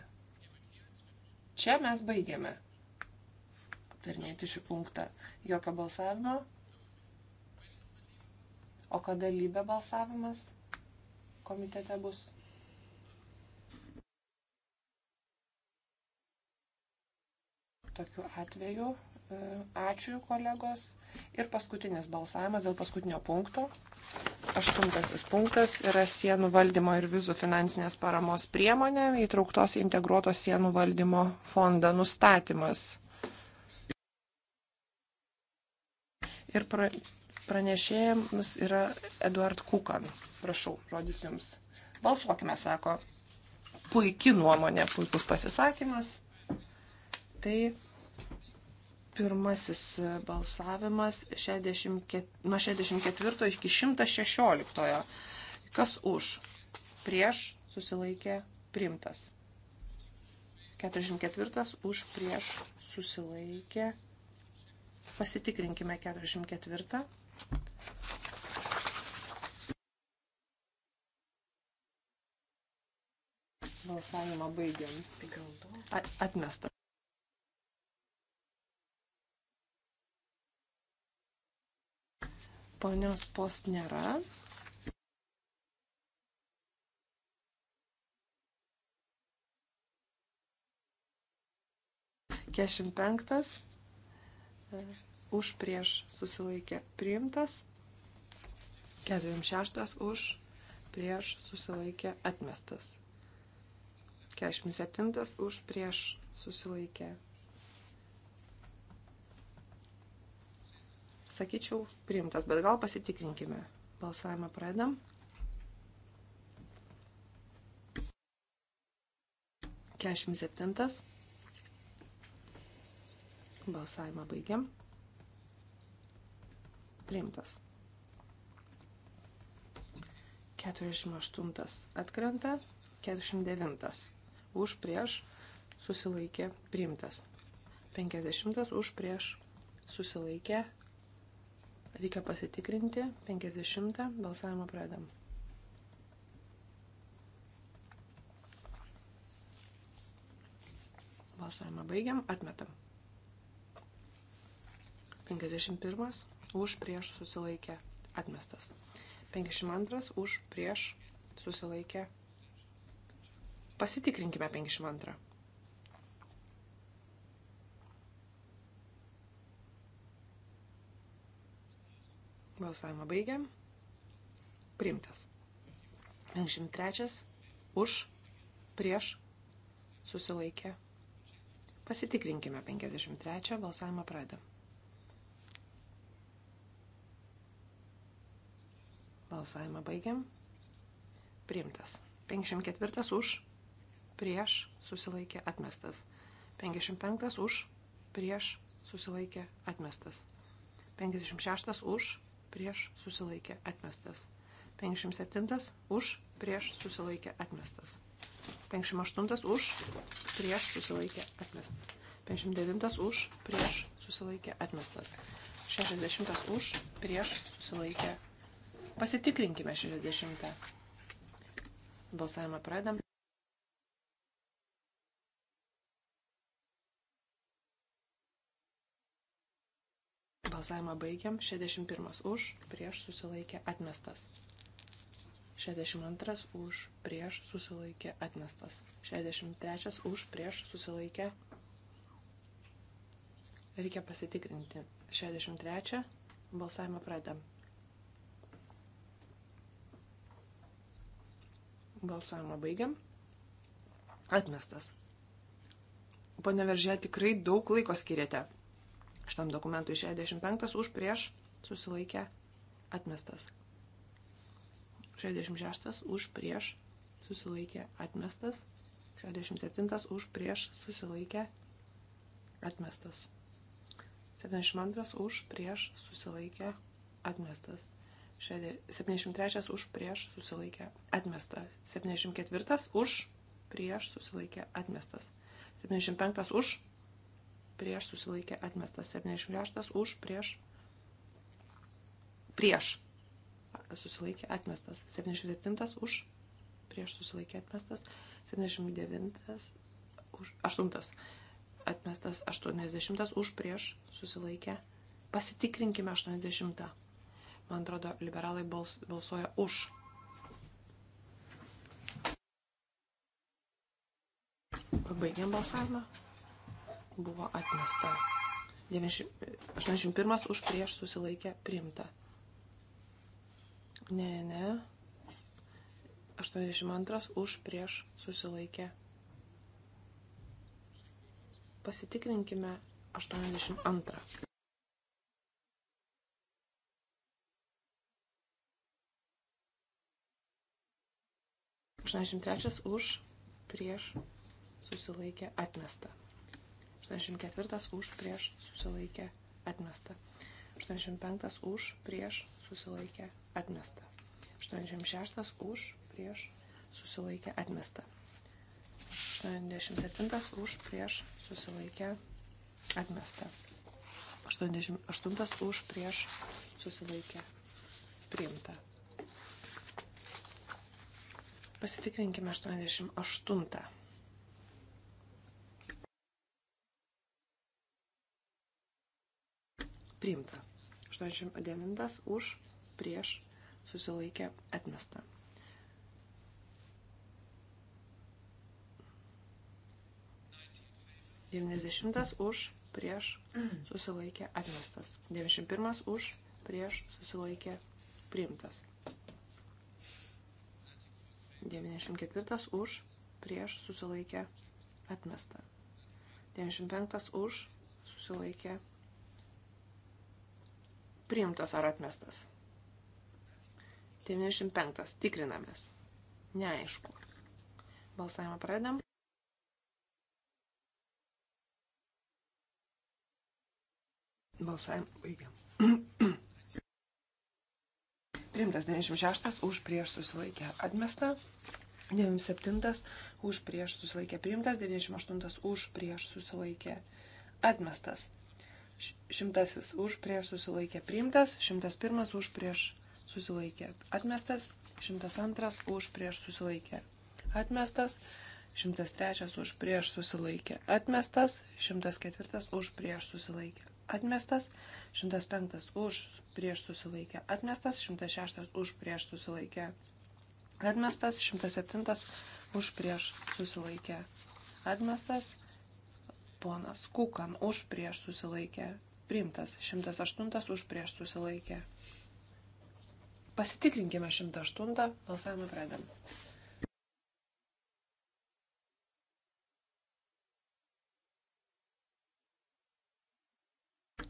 Čia mes baigėme aptarnėti šį punktą. Jokio balsavimo. O kada lybė balsavimas komitete bus? tokiu atveju. E, ačiū kolegos. Ir paskutinis balsavimas dėl paskutinio punkto. Aštuntasis punktas yra sienų valdymo ir vizų finansinės paramos priemonė įtrauktos integruotos sienų valdymo fondą nustatymas. Ir pra, pranešėjams yra Eduard Kukan. Prašau, žodis jums. Balsuokime, sako. Puiki nuomonė, puikus pasisakymas. Tai pirmasis e, balsavimas 64, nuo 64 iki 116. Kas už? Prieš susilaikė primtas. 44 už prieš susilaikė. Pasitikrinkime 44. Balsavimą baigiam. Atmesta. ponios post nėra. Kešim penktas. Už prieš susilaikė priimtas. 46 už prieš susilaikė atmestas. 47 už prieš susilaikė sakyčiau, priimtas, bet gal pasitikrinkime. Balsavimą pradedam. Kešim septintas. Balsavimą baigiam. Priimtas. 48 atkrenta, 49 už prieš susilaikė priimtas, 50 už prieš susilaikė Reikia pasitikrinti. 50. Balsavimą pradam. Balsavimą baigiam. Atmetam. 51. Už prieš susilaikę. Atmestas. 52. Už prieš susilaikę. Pasitikrinkime 52. Balsavimą baigiam. Priimtas. 53. Už, prieš, susilaikė. Pasitikrinkime 53. Balsavimą pradam. Balsavimą baigiam. Priimtas. 54 už, prieš, susilaikė, atmestas. 55 už, prieš, susilaikė, atmestas. 56 už, prieš susilaikė atmestas. 57 už, prieš susilaikė atmestas. 58 už, prieš susilaikė atmestas. 59 už, prieš susilaikė atmestas. 60 už, prieš susilaikė. Pasitikrinkime 60. Balsavimą pradedam. Balsavimą baigiam. 61 už, prieš susilaikė atmestas. 62 už, prieš susilaikė atmestas. 63 už, prieš susilaikė. Reikia pasitikrinti. 63 balsavimą pradam. Balsavimą baigiam. Atmestas. Pane Veržė, tikrai daug laiko skiriate šitam dokumentui 65 už prieš susilaikę atmestas. 66 už prieš susilaikė atmestas. 67 už prieš susilaikė atmestas. 72 už prieš susilaikė atmestas. 73 už prieš susilaikė atmestas. 74 už prieš susilaikė atmestas. 75 už prieš susilaikė atmestas 76, už prieš prieš susilaikė atmestas 77, už prieš susilaikė atmestas 79, už 8 atmestas 80, už prieš susilaikė. Pasitikrinkime 80. Man atrodo, liberalai bals, balsuoja už. Pabaigiam balsavimą buvo atmesta. 81 už prieš susilaikė priimta. Ne, ne. 82 už prieš susilaikė. Pasitikrinkime 82. Aštuoniasdešimt trečias už prieš susilaikė atmestą. 84 už prieš susilaikė atmesta. 85 už prieš susilaikė atmesta. 86 už prieš susilaikė atmesta. 87 už prieš susilaikė atmesta. 88 už prieš susilaikė priimta. Pasitikrinkime 88. priimta. 89 už, prieš, susilaikė, atmesta. Devyniasdešimtas už, prieš, susilaikė, atmestas. Devyniasdešimt pirmas už, prieš, susilaikė, priimtas. Devyniasdešimt ketvirtas už, prieš, susilaikė, atmesta. Devyniasdešimt penktas už, susilaikė, atmesta priimtas ar atmestas. 95. Tikrinamės. Neaišku. Balsavimą pradedam. Balsavimą baigiam. Priimtas 96 už prieš susilaikę atmestą. 97 už prieš susilaikė priimtas, 98 už prieš susilaikė atmestas. Šimtasis už prieš susilaikė priimtas, šimtas pirmas už prieš susilaikė atmestas, šimtas antras už prieš susilaikė atmestas, šimtas trečias už prieš susilaikė atmestas, šimtas ketvirtas už prieš susilaikė atmestas, šimtas penktas už prieš susilaikė atmestas, šimtas šeštas už prieš susilaikė atmestas, šimtas septintas už prieš susilaikė atmestas, Ponas Kukan už prieš susilaikė. Priimtas. 108 už prieš susilaikė. Pasitikrinkime 108. Balsavimą pradam.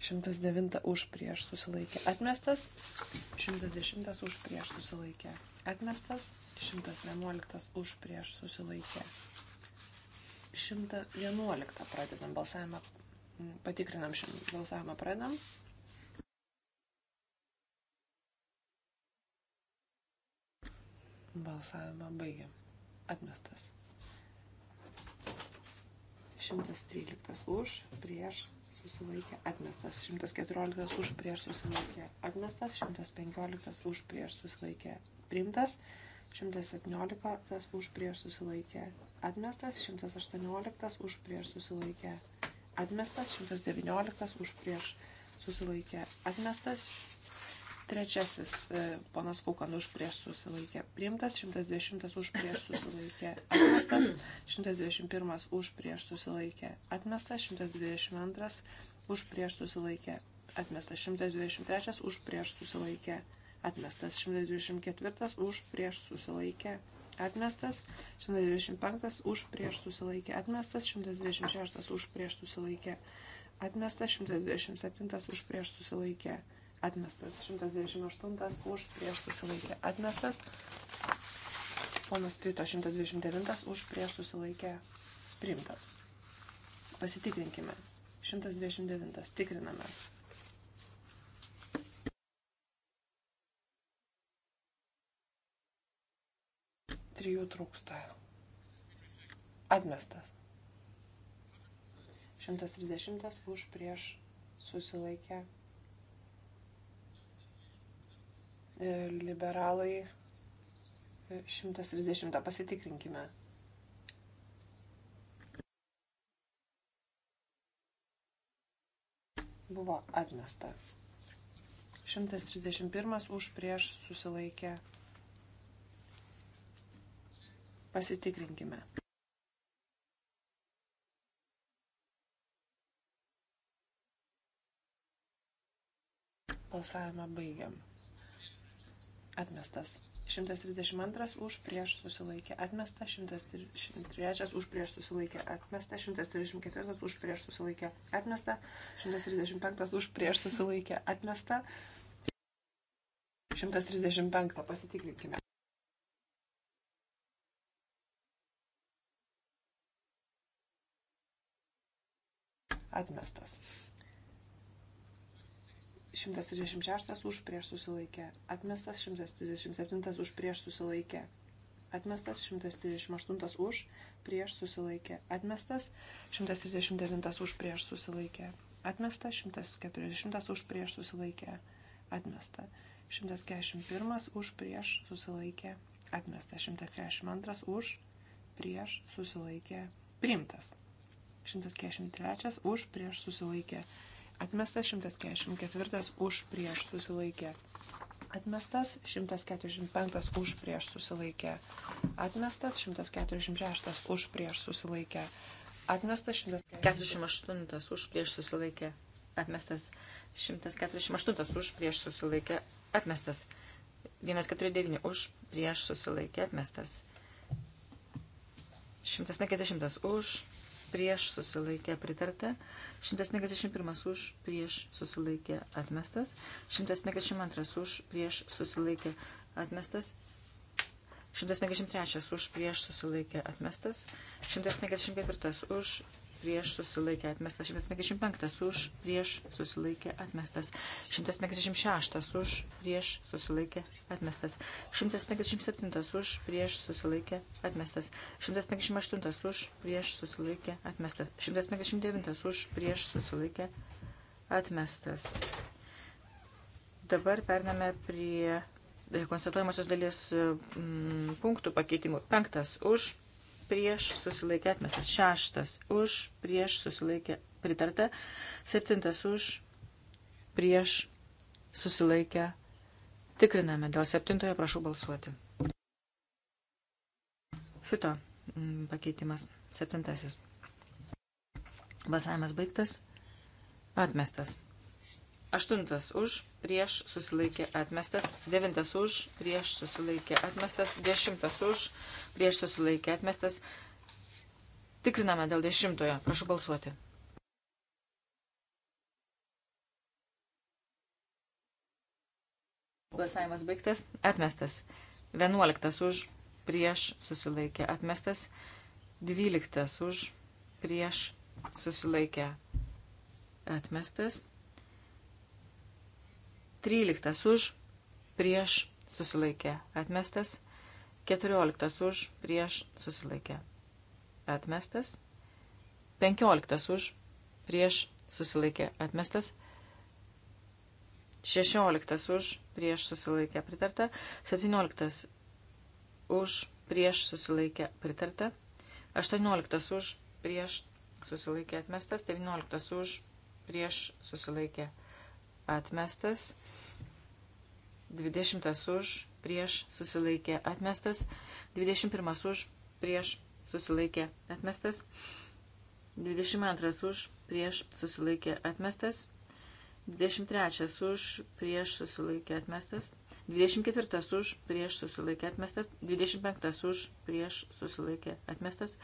Šimtas devinta už prieš susilaikė. Atmestas. Šimtas dešimtas už prieš susilaikė. Atmestas. Šimtas vienuoliktas už prieš susilaikė. 111 pradedam balsavimą, mm, patikrinam balsavimą, pradedam. Balsavimą baigiam. Atmestas. 113 už, prieš susilaikė atmestas, 114 už prieš susilaikė atmestas, 115 už prieš susilaikė priimtas, 117 už prieš susilaikė atmestas, 118 už prieš susilaikė atmestas, 119 už prieš susilaikė atmestas, trečiasis e, ponas Kukan už prieš susilaikė priimtas, 110 už prieš susilaikė atmestas, 121 už prieš susilaikė atmestas, 122 už prieš susilaikė atmestas, 123 už prieš susilaikė atmestas, 124 už prieš susilaikė atmestas atmestas, 125 už prieš susilaikė atmestas, 126 už prieš susilaikė atmestas, 127 už prieš susilaikė atmestas, 128 už prieš susilaikė atmestas, ponas Vito 129 už prieš susilaikė priimtas. Pasitikrinkime. 129. Tikrinamės. Trijų trūksta. Atmestas. 130 už prieš susilaikę. E, liberalai 130 e, pasitikrinkime. Buvo atmesta. 131 už prieš susilaikę Pasitikrinkime. Balsavimą baigiam. Atmestas. 132 už prieš susilaikė atmesta, 103 už prieš susilaikė atmesta, 134 už prieš susilaikė atmesta, 135 už prieš susilaikė atmesta, 135 pasitikrinkime. atmestas. 136 už prieš susilaikę, atmestas 137 už prieš susilaikę, atmestas 138 už prieš susilaikę, atmestas 139 už prieš susilaikę, atmestas 140 už prieš susilaikę, atmestas 141 už prieš susilaikę, atmestas 142 už prieš susilaikę, priimtas. 143 už prieš susilaikė. Atmestas 144 už prieš susilaikė. Atmestas 145 už prieš susilaikė. Atmestas 146 už prieš susilaikė. Atmestas 148 už prieš susilaikė. Atmestas 148 už prieš susilaikė. Atmestas 149 už prieš susilaikė. Atmestas 150 už prieš susilaikė pritarta, 151 už prieš susilaikė atmestas, 152 už prieš susilaikė atmestas, 153 už prieš susilaikė atmestas, 154 už prieš susilaikė atmestas 155 už, prieš susilaikė atmestas 156 už, prieš susilaikė atmestas 157 už, prieš susilaikė atmestas 158 už, prieš susilaikė atmestas 159 už, prieš susilaikė atmestas. Dabar pername prie konstatuojamosios dalies m, mm, punktų pakeitimų. Penktas už, prieš susilaikė atmestas. Šeštas už, prieš susilaikė pritarta. Septintas už, prieš susilaikė. Tikriname. Dėl septintojo prašau balsuoti. Fito mm, pakeitimas. Septintasis. Balsavimas baigtas. Atmestas. Aštuntas už, prieš susilaikė atmestas. Devintas už, prieš susilaikė atmestas. Dešimtas už, prieš susilaikė atmestas. Tikriname dėl dešimtojo. Prašau balsuoti. Balsavimas baigtas. Atmestas. Vienuoliktas už, prieš susilaikė atmestas. Dvyliktas už, prieš susilaikė atmestas. 13 už, prieš, susilaikė, atmestas. 14 už, prieš, susilaikė, atmestas. 15 už, prieš, susilaikė, atmestas. 16 už, prieš, susilaikė, pritarta. 17 už, prieš, susilaikė, pritarta. 18 už, prieš, susilaikė, atmestas. 19 už, prieš, susilaikė, atmestas atmestas, 20 už, prieš susilaikė atmestas, 21 už, prieš susilaikė atmestas, 22 už, prieš susilaikė atmestas, 23 už, prieš susilaikė atmestas, 24 už, prieš susilaikė atmestas, 25 už, prieš susilaikė atmestas,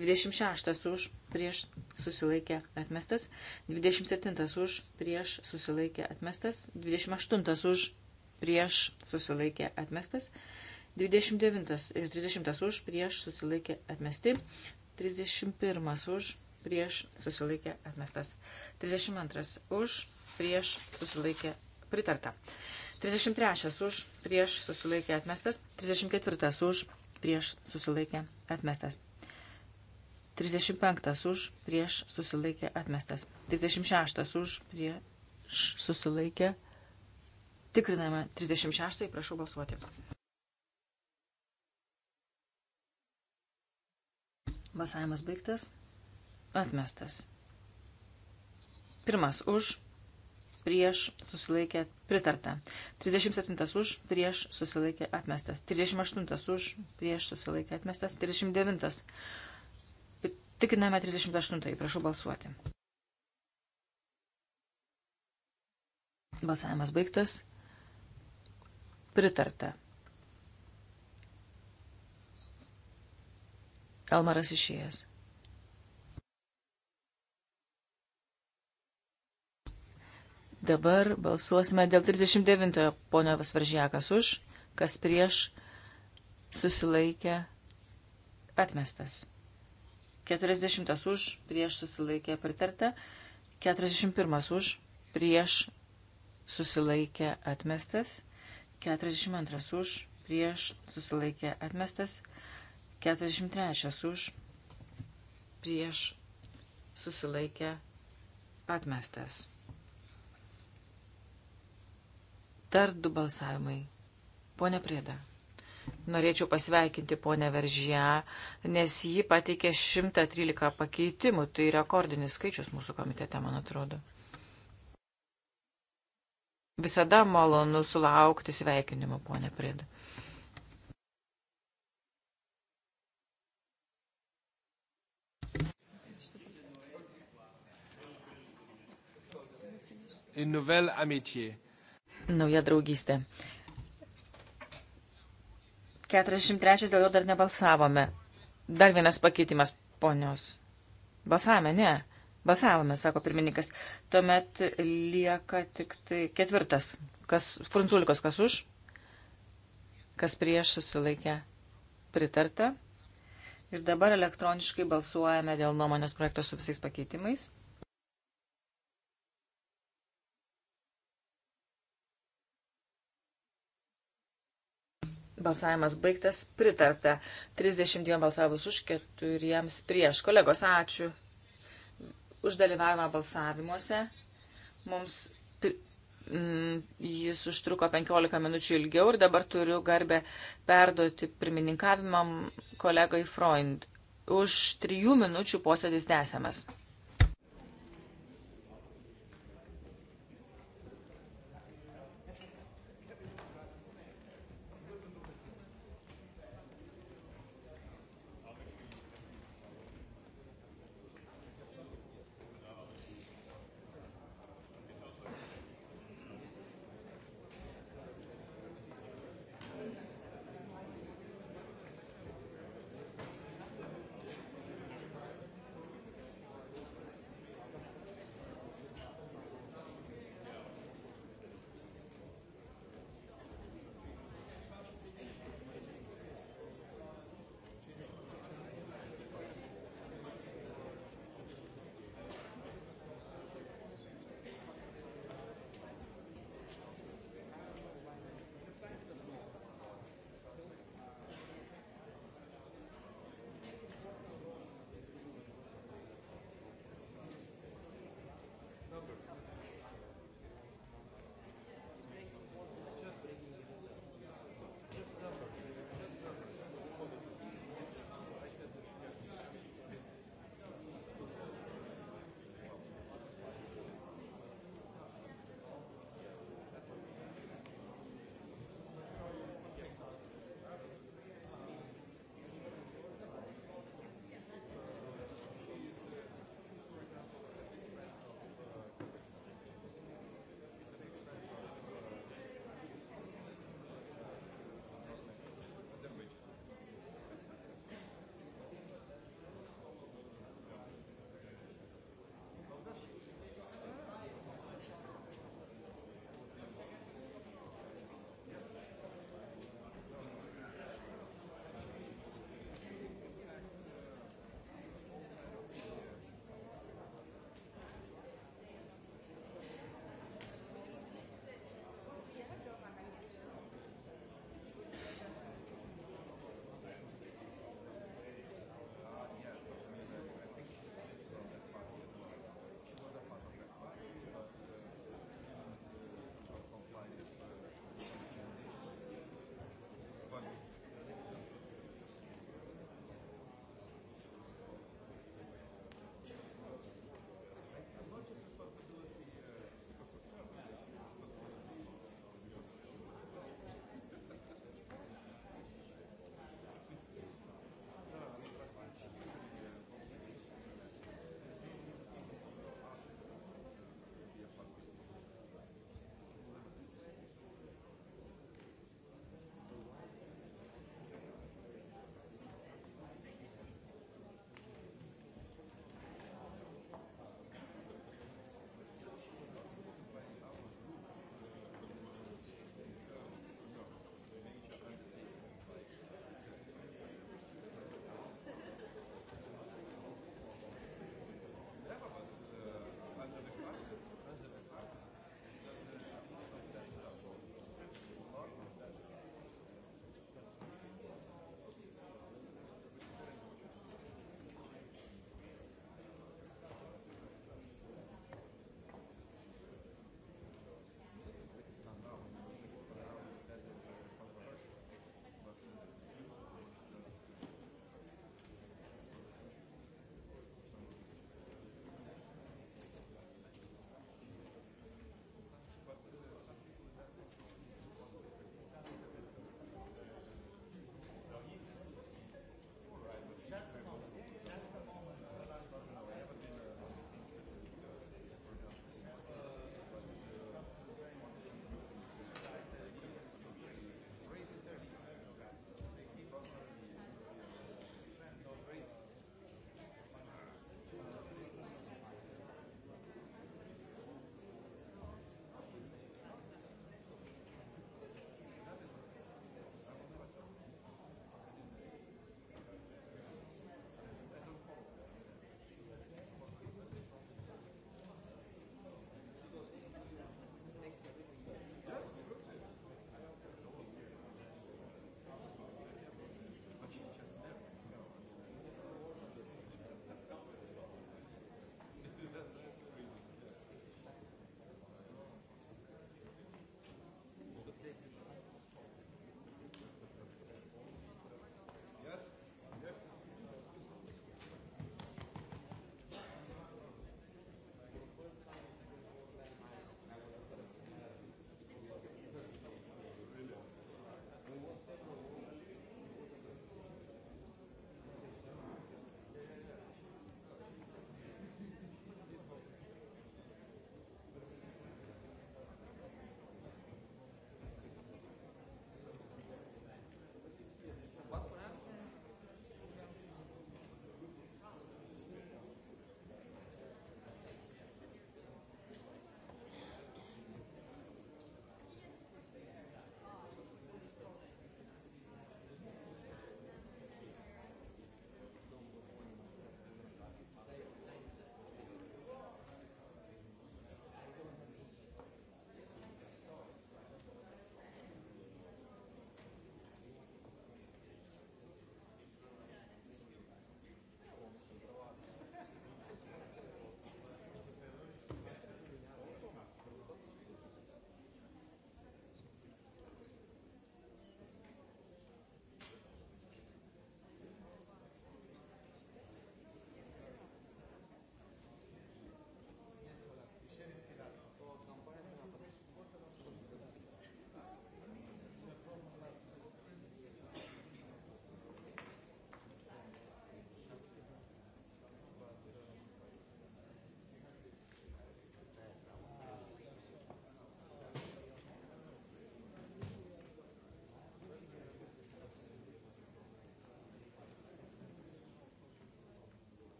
26 už, prieš susilaikė atmestas, 27 už, prieš susilaikė atmestas, 28 už, prieš susilaikė atmestas. 29 ir 30 už prieš susilaikė atmesti. 31 už prieš susilaikė atmestas. 32 už prieš susilaikė pritarta. 33 už prieš susilaikė atmestas. 34 už prieš susilaikė atmestas. 35 už prieš susilaikė atmestas. 36 už prieš susilaikė atmestas. Tikriname 36, prašau balsuoti. Balsavimas baigtas. Atmestas. Pirmas už, prieš, susilaikė, pritarta. 37 už, prieš, susilaikė, atmestas. 38 už, prieš, susilaikė, atmestas. 39. Tikiname 38, prašau balsuoti. Balsavimas baigtas. Pritarta. Elmaras išėjęs. Dabar balsuosime dėl 39-ojo ponio Vasvaržėkas už, kas prieš susilaikė atmestas. 40 už, prieš susilaikė pritarta. 41 už, prieš susilaikė atmestas. 42 už, prieš susilaikė atmestas, 43 už, prieš susilaikė atmestas. Dar du balsavimai. Pone Prieda. Norėčiau pasveikinti ponę Veržę, nes ji pateikė 113 pakeitimų. Tai rekordinis skaičius mūsų komitete, man atrodo. Visada malonu sulaukti sveikinimų, ponė Prida. Nauja draugystė. 43 dėl jo dar nebalsavome. Dar vienas pakeitimas, ponios. Balsavome, ne? Balsavome, sako pirmininkas. Tuomet lieka tik tai ketvirtas. Kas, Frunzulikos, kas už? Kas prieš susilaikė? Pritarta. Ir dabar elektroniškai balsuojame dėl nuomonės projekto su visais pakeitimais. Balsavimas baigtas, pritarta. 32 balsavus už, 4 prieš. Kolegos, ačiū už dalyvavimą balsavimuose. Mums mm, jis užtruko 15 minučių ilgiau ir dabar turiu garbę perduoti pirmininkavimą kolegai Freund. Už trijų minučių posėdis tęsiamas.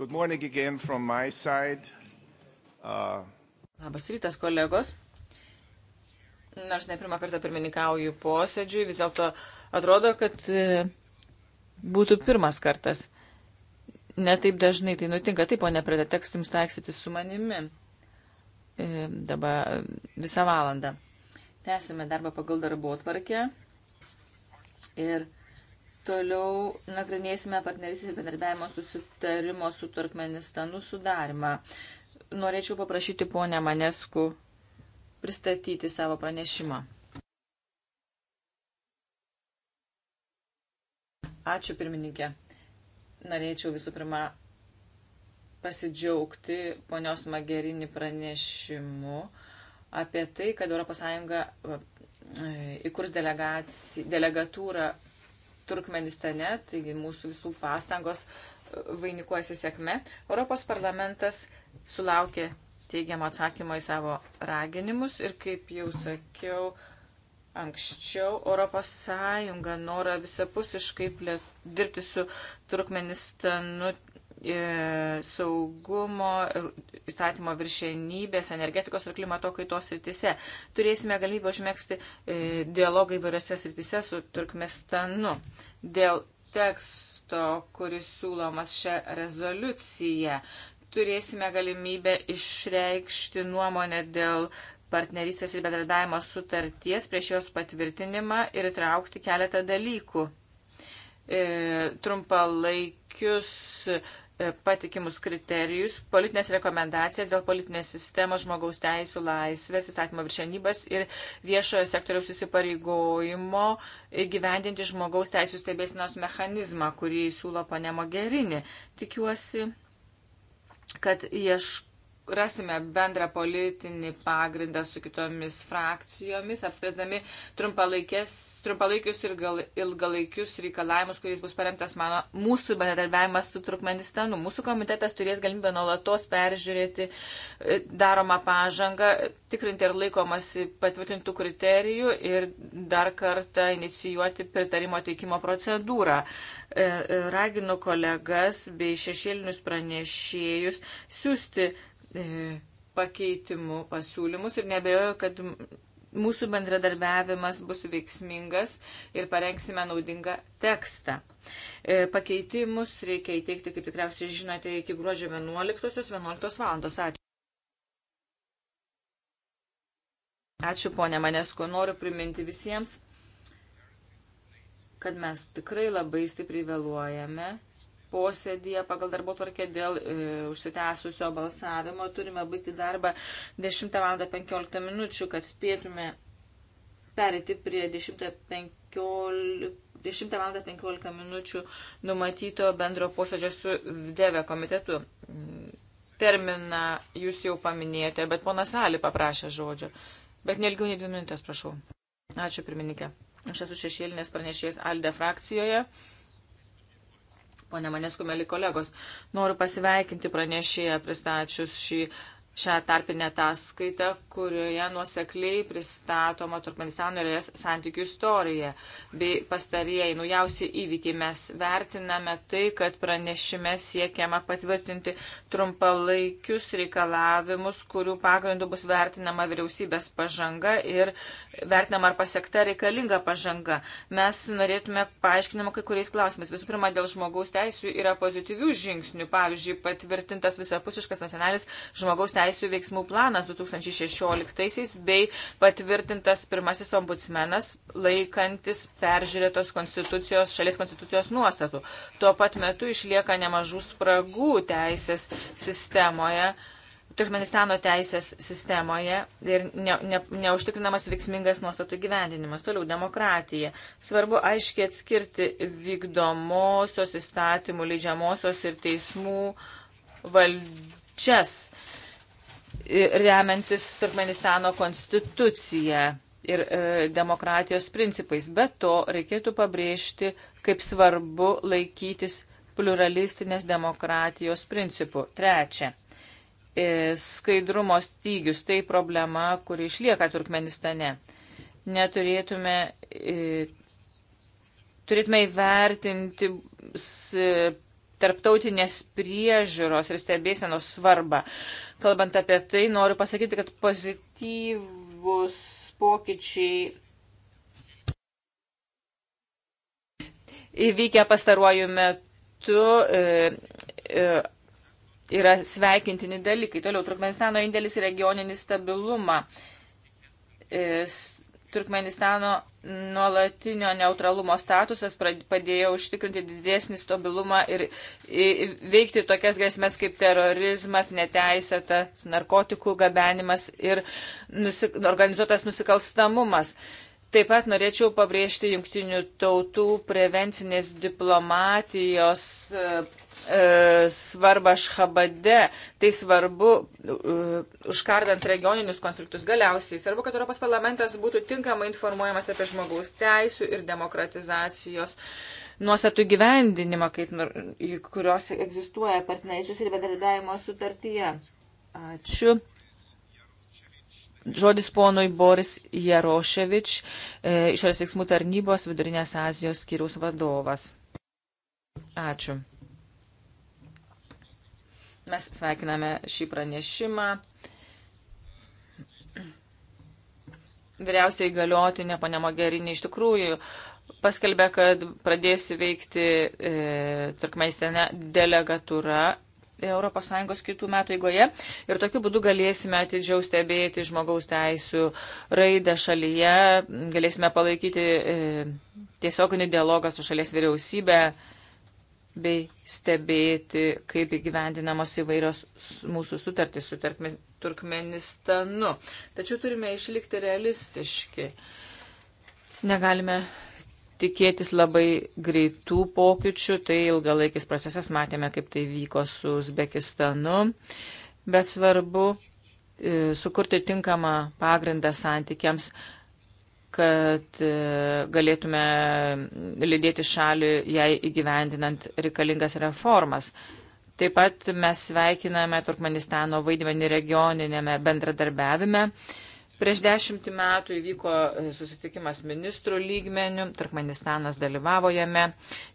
Good morning again from my side. Uh... Labas rytas, kolegos. Nors ne pirmą kartą pirmininkauju posėdžiui, vis dėlto atrodo, kad e, būtų pirmas kartas. Netaip dažnai tai nutinka, taip, o ne pradė tekstams taiksyti su manimi e, dabar visą valandą. Tęsime darbą pagal darbo atvarkę ir Toliau nagrinėsime partnerystės ir bendradarbiavimo susitarimo su Turkmenistanu sudarimą. Norėčiau paprašyti ponę Manesku pristatyti savo pranešimą. Ačiū pirmininkė. Norėčiau visų pirma pasidžiaugti ponios Magerinį pranešimu apie tai, kad ES e, įkurs delegatūrą Turkmenistane, taigi mūsų visų pastangos e, vainikuojasi sėkme. Europos parlamentas sulaukė teigiamo atsakymo į savo raginimus ir, kaip jau sakiau, anksčiau Europos Sąjunga norą visapusiškai plėt, dirbti su Turkmenistanu E, saugumo, įstatymo viršenybės, energetikos ir klimato kaitos srityse. Turėsime galimybę užmėgsti e, dialogą įvairiose srityse su Turkmestanu. Dėl teksto, kuris siūlomas šią rezoliuciją, turėsime galimybę išreikšti nuomonę dėl partnerystės ir bendradavimo sutarties prieš jos patvirtinimą ir traukti keletą dalykų. E, trumpalaikius E, patikimus kriterijus, politinės rekomendacijas dėl politinės sistemos, žmogaus teisų, laisvės, įstatymo viršenybės ir viešojo sektoriaus įsipareigojimo gyvendinti žmogaus teisų stebėsinos mechanizmą, kurį siūlo pane Mogerinė. Tikiuosi, kad ieškosiu rasime bendrą politinį pagrindą su kitomis frakcijomis, apspręsdami trumpalaikius ir gal, ilgalaikius reikalavimus, kuriais bus paremtas mano, mūsų bendradarbiavimas su Turkmenistanu. Mūsų komitetas turės galimybę nuolatos peržiūrėti e, daromą pažangą, tikrinti ar laikomasi patvirtintų kriterijų ir dar kartą inicijuoti pritarimo teikimo procedūrą. E, e, raginu kolegas bei šešėlinius pranešėjus siūsti E, pakeitimų pasiūlymus ir nebejoju, kad mūsų bendradarbiavimas bus veiksmingas ir parengsime naudingą tekstą. E, pakeitimus reikia įteikti, kaip tikriausiai žinote, iki gruodžio 11-11 val. Ačiū. Ačiū ponė Manesko, noriu priminti visiems, kad mes tikrai labai stipriai vėluojame posėdėje pagal darbo tvarkę dėl e, užsitęsusio balsavimo. Turime baigti darbą 10.15 minučių, kad spėtume perėti prie 10.15 10 val. 15 minučių numatyto bendro posėdžio su VDV komitetu. Terminą jūs jau paminėjote, bet ponas Ali paprašė žodžio. Bet nelgiau nei dvi minutės, prašau. Ačiū, pirmininkė. Aš esu šešėlinės pranešėjas Alde frakcijoje. Pone Manesku, mėly kolegos, noriu pasveikinti pranešėją pristačius šį, šią tarpinę ataskaitą, kurioje nuosekliai pristatoma Turkmenistano ir es santykių istorija bei pastarieji naujausi įvykiai. Mes vertiname tai, kad pranešime siekiama patvirtinti trumpalaikius reikalavimus, kurių pagrindu bus vertinama vyriausybės pažanga ir vertinam ar pasiekta reikalinga pažanga. Mes norėtume paaiškinimo kai kuriais klausimais. Visų pirma, dėl žmogaus teisų yra pozityvių žingsnių. Pavyzdžiui, patvirtintas visapusiškas nacionalinis žmogaus teisų veiksmų planas 2016-aisiais bei patvirtintas pirmasis ombudsmenas laikantis peržiūrėtos konstitucijos, šalies konstitucijos nuostatų. Tuo pat metu išlieka nemažų spragų teisės sistemoje. Yeah Turkmenistano teisės sistemoje ir ne, ne, neužtikrinamas veiksmingas nuostatų gyvendinimas. Toliau demokratija. Svarbu aiškiai atskirti vykdomosios įstatymų, leidžiamosios ir teismų valdžias, remiantis Turkmenistano konstituciją ir e, demokratijos principais. Be to, reikėtų pabrėžti, kaip svarbu laikytis pluralistinės demokratijos principų. Trečia E, skaidrumo stygius tai problema, kuri išlieka Turkmenistane. Neturėtume, e, turėtume įvertinti e, tarptautinės priežiūros ir stebėsenos svarbą. Kalbant apie tai, noriu pasakyti, kad pozityvus pokyčiai įvykę pastaruoju metu. E, e, yra sveikintini dalykai. Toliau Turkmenistano indėlis į regioninį stabilumą. E, Turkmenistano nuolatinio neutralumo statusas padėjo užtikrinti didesnį stabilumą ir veikti tokias grėsmės kaip terorizmas, neteisėtas narkotikų gabenimas ir nusik organizuotas nusikalstamumas. Taip pat norėčiau pabrėžti jungtinių tautų prevencinės diplomatijos e, E, svarbą Šhabade, tai svarbu e, užkardant regioninius konfliktus galiausiai. Svarbu, kad Europos parlamentas būtų tinkamai informuojamas apie žmogaus teisų ir demokratizacijos nuostatų gyvendinimą, kaip, kurios egzistuoja partnerystės ir bendradarbiavimo sutartyje. Ačiū. Žodis ponui Boris Jaroševič, e, išorės veiksmų tarnybos Vidurinės Azijos skyriaus vadovas. Ačiū. Mes sveikiname šį pranešimą. Vyriausiai galiotinė ponė Mogerinė iš tikrųjų paskelbė, kad pradės veikti e, Turkmenistane delegatūra ES kitų metų eigoje ir tokiu būdu galėsime atidžiau stebėti žmogaus teisų raidą šalyje, galėsime palaikyti e, tiesioginį dialogą su šalies vyriausybė. E, bei stebėti, kaip įgyvendinamos įvairios mūsų sutartys su Turkmenistanu. Tačiau turime išlikti realistiški. Negalime tikėtis labai greitų pokyčių, tai ilgalaikis procesas, matėme, kaip tai vyko su Uzbekistanu, bet svarbu e, sukurti tinkamą pagrindą santykiams kad e, galėtume lydėti šalį jai įgyvendinant reikalingas reformas. Taip pat mes sveikiname Turkmenistano vaidmenį regioninėme bendradarbiavime. Prieš dešimtį metų įvyko e, susitikimas ministrų lygmenių, Turkmenistanas dalyvavo jame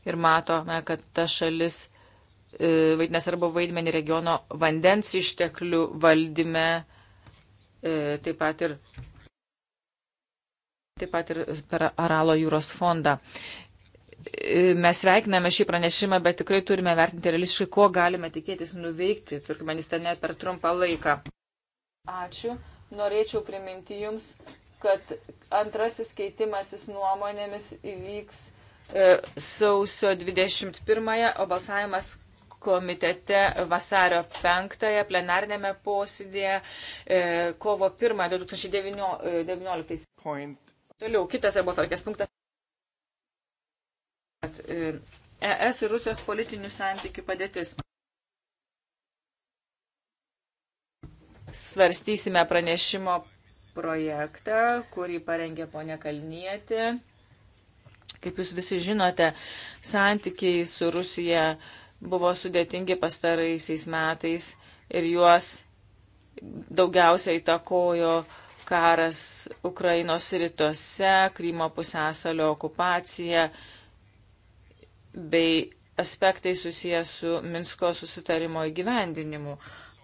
ir matome, kad ta šalis e, vaidina svarbu vaidmenį regiono vandens išteklių valdyme, taip pat ir taip pat ir per Aralo jūros fondą. E, mes sveikiname šį pranešimą, bet tikrai turime vertinti realistiškai, ko galime tikėtis nuveikti Turkmenistane per trumpą laiką. Ačiū. Norėčiau priminti Jums, kad antrasis keitimasis nuomonėmis įvyks e, sausio 21-ąją, o balsavimas komitete vasario 5-ąją, plenarnėme posėdėje e, kovo 1-ąją 2019. E, Point. Toliau, kitas darbo tvarkės punktas. ES e ir Rusijos politinių santykių padėtis. Svarstysime pranešimo projektą, kurį parengė ponė Kalnietė. Kaip jūs visi žinote, santykiai su Rusija buvo sudėtingi pastaraisiais metais ir juos daugiausiai įtakojo uh, karas Ukrainos rytuose, Krymo pusęsalio okupacija bei aspektai susijęs su Minsko susitarimo įgyvendinimu.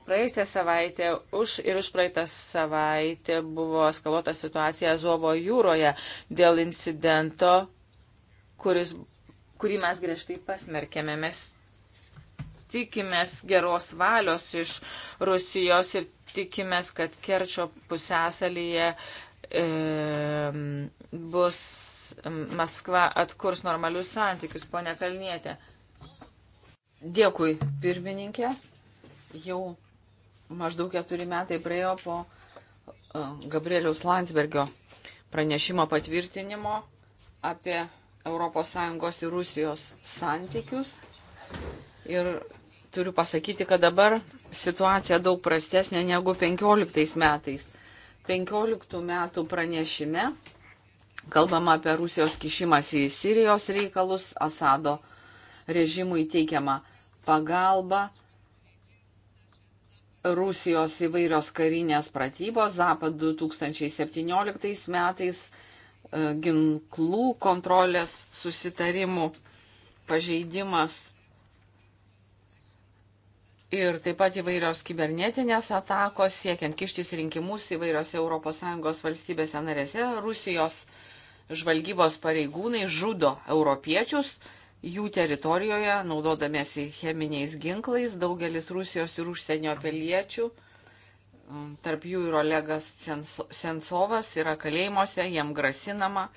Praėjusią savaitę už ir už praeitą savaitę buvo skalota situacija Azovo jūroje dėl incidento, kuris, kurį mes griežtai pasmerkėme. Mes tikimės geros valios iš Rusijos ir tikimės, kad Kerčio pusęsalyje e, bus Maskva atkurs normalius santykius, ponia Kalnietė. Dėkui, pirmininkė. Jau maždaug keturi metai praėjo po e, Gabrieliaus Landsbergio pranešimo patvirtinimo apie ES ir Rusijos santykius. Ir Turiu pasakyti, kad dabar situacija daug prastesnė negu 15 metais. 15 metų pranešime kalbama apie Rusijos kišimąsi į Sirijos reikalus, Asado režimui teikiama pagalba, Rusijos įvairios karinės pratybos, Zapad 2017 metais e, ginklų kontrolės susitarimų pažeidimas Ir taip pat įvairios kibernetinės atakos, siekiant kištis rinkimus įvairiose ES valstybėse narėse, Rusijos žvalgybos pareigūnai žudo europiečius jų teritorijoje, naudodamėsi cheminiais ginklais, daugelis Rusijos ir užsienio piliečių, mm, tarp jų ir Olegas Sensovas, yra kalėjimuose, jam grasinama.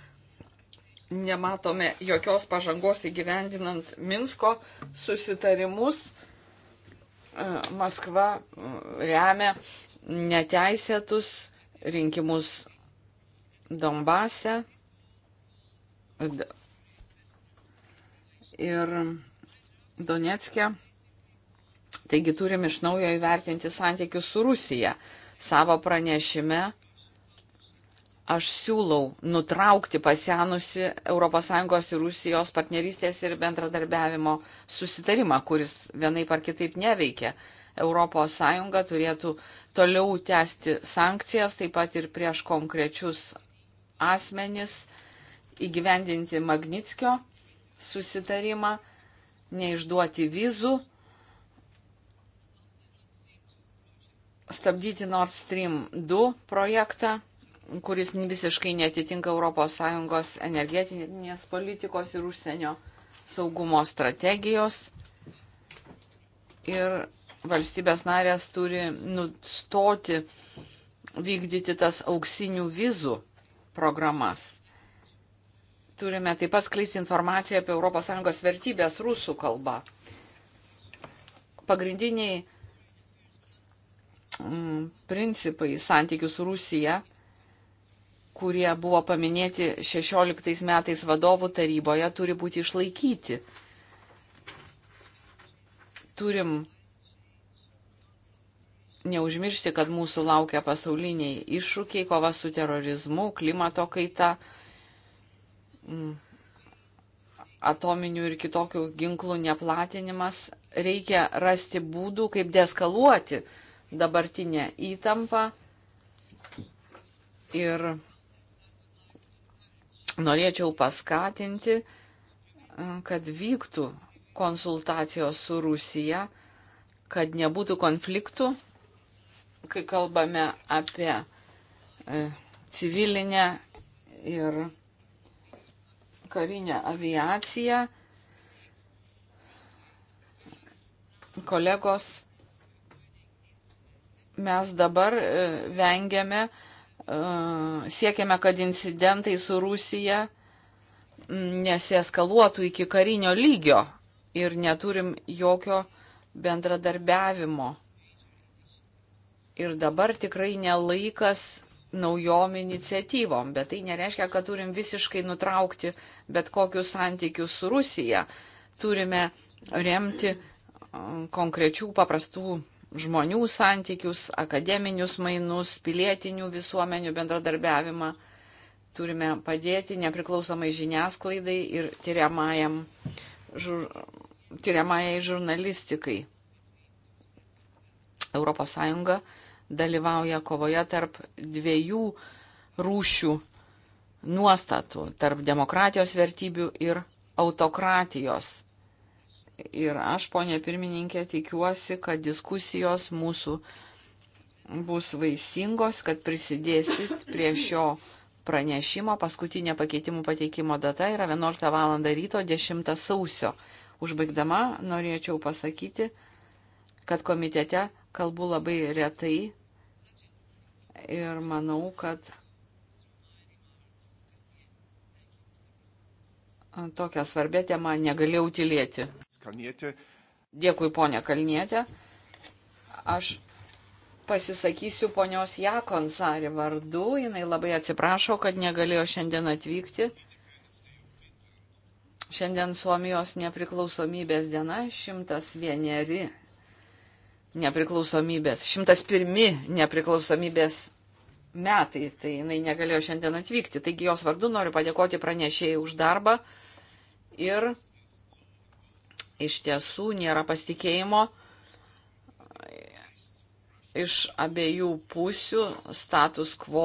Nematome jokios pažangos įgyvendinant Minsko susitarimus Maskva mm, remia neteisėtus rinkimus Dombase. Ir Donetskė. Taigi turim iš naujo įvertinti santykius su Rusija. Savo pranešime Aš siūlau nutraukti pasenusi ES ir Rusijos partnerystės ir bendradarbiavimo susitarimą, kuris vienaip ar kitaip neveikia. ES turėtų toliau tęsti sankcijas, taip pat ir prieš konkrečius asmenis įgyvendinti Magnitskio susitarimą, neišduoti vizų, stabdyti Nord Stream 2 projektą kuris visiškai netitinka ES energetinės politikos ir užsienio saugumo strategijos. Ir valstybės narės turi nustoti vykdyti tas auksinių vizų programas. Turime taip pat skleisti informaciją apie ES vertybės rusų kalba. Pagrindiniai mm, principai santykių su Rusija kurie buvo paminėti 16 metais vadovų taryboje, turi būti išlaikyti. Turim neužmiršti, kad mūsų laukia pasauliniai iššūkiai, kova su terorizmu, klimato kaita, mm, atominių ir kitokių ginklų neplatinimas. Reikia rasti būdų, kaip deskaluoti dabartinę įtampą ir norėčiau paskatinti, kad vyktų konsultacijos su Rusija, kad nebūtų konfliktų, kai kalbame apie e, civilinę ir karinę aviaciją. Kolegos, mes dabar e, vengiame uh, siekiame, kad incidentai su Rusija nesieskaluotų iki karinio lygio ir neturim jokio bendradarbiavimo. Ir dabar tikrai nelaikas naujom iniciatyvom, bet tai nereiškia, kad turim visiškai nutraukti bet kokius santykius su Rusija. Turime remti um, konkrečių paprastų žmonių santykius, akademinius mainus, pilietinių visuomenių bendradarbiavimą. Turime padėti nepriklausomai žiniasklaidai ir tyriamajam, žur, tyriamajai žurnalistikai. ES dalyvauja kovoje tarp dviejų rūšių nuostatų - tarp demokratijos vertybių ir autokratijos ir aš, ponė pirmininkė, tikiuosi, kad diskusijos mūsų bus vaisingos, kad prisidėsit prie šio pranešimo. Paskutinė pakeitimų pateikimo data yra 11 val. ryto 10 sausio. Užbaigdama norėčiau pasakyti, kad komitete kalbu labai retai ir manau, kad tokią svarbę temą negalėjau tylėti. Kalnietė. Dėkui, ponė Kalnietė. Aš pasisakysiu ponios Jakonsari vardu. Jis labai atsiprašo, kad negalėjo šiandien atvykti. Šiandien Suomijos nepriklausomybės diena 101 nepriklausomybės, 101 nepriklausomybės metai, tai jinai negalėjo šiandien atvykti. Taigi jos vardu noriu padėkoti pranešėjai už darbą ir iš tiesų nėra pasitikėjimo iš abiejų pusių status quo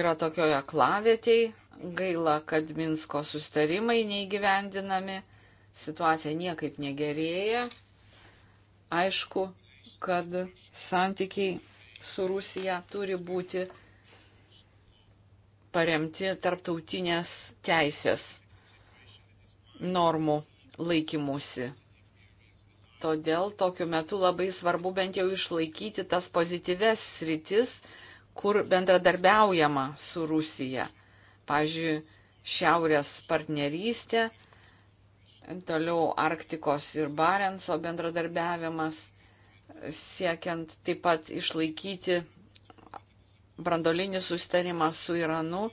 yra tokioje klavėtėj, gaila, kad Minsko sustarimai neįgyvendinami, situacija niekaip negerėja. Aišku, kad santykiai su Rusija turi būti paremti tarptautinės teisės normų laikymusi. Todėl tokiu metu labai svarbu bent jau išlaikyti tas pozityves sritis, kur bendradarbiaujama su Rusija. Pavyzdžiui, Šiaurės partnerystė, toliau Arktikos ir Barenso bendradarbiavimas, siekiant taip pat išlaikyti brandolinį sustarimą su Iranu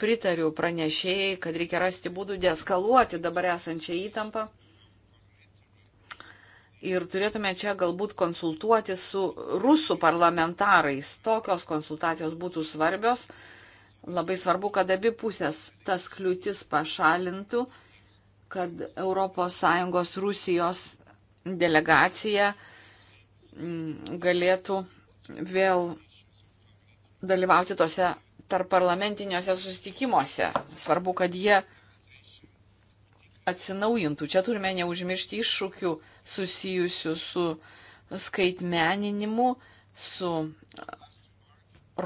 pritariu pranešėjai, kad reikia rasti būdų deeskaluoti dabar esančią įtampą. Ir turėtume čia galbūt konsultuoti su rusų parlamentarais. Tokios konsultacijos būtų svarbios. Labai svarbu, kad abi pusės tas kliūtis pašalintų, kad ES Rusijos delegacija mm, galėtų vėl dalyvauti tose tarp parlamentiniuose susitikimuose. Svarbu, kad jie atsinaujintų. Čia turime neužmiršti iššūkių susijusių su skaitmeninimu, su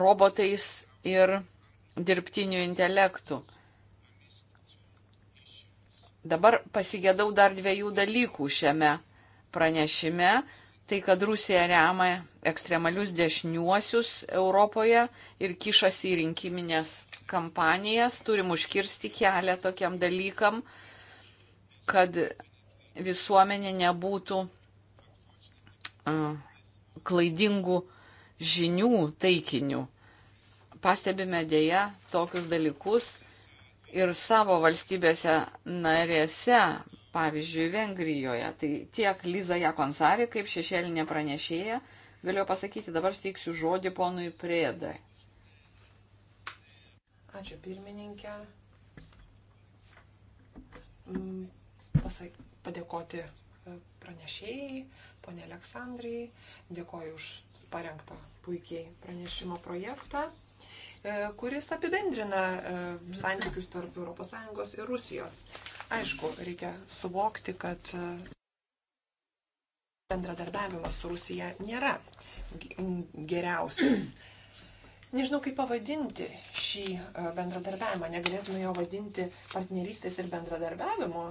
robotais ir dirbtiniu intelektu. Dabar pasigėdau dar dviejų dalykų šiame pranešime tai, kad Rusija remia ekstremalius dešiniuosius Europoje ir kišasi į rinkiminės kampanijas, turim užkirsti kelią tokiam dalykam, kad visuomenė nebūtų klaidingų žinių taikinių. Pastebime dėja tokius dalykus ir savo valstybėse narėse pavyzdžiui, Vengrijoje. Tai tiek Liza Jakonsari, kaip šešėlinė pranešėja, galėjo pasakyti, dabar steiksiu žodį ponui Priedai. Ačiū pirmininkė. Mm, Pasak, padėkoti e, pranešėjai, ponė Aleksandrai, dėkoju už parengtą puikiai pranešimo projektą. E, kuris apibendrina e, santykius tarp ES ir Rusijos. Aišku, reikia suvokti, kad e, bendradarbiavimas su Rusija nėra geriausias. Nežinau, kaip pavadinti šį bendradarbiavimą. Negalėtume jo vadinti partnerystės ir bendradarbiavimo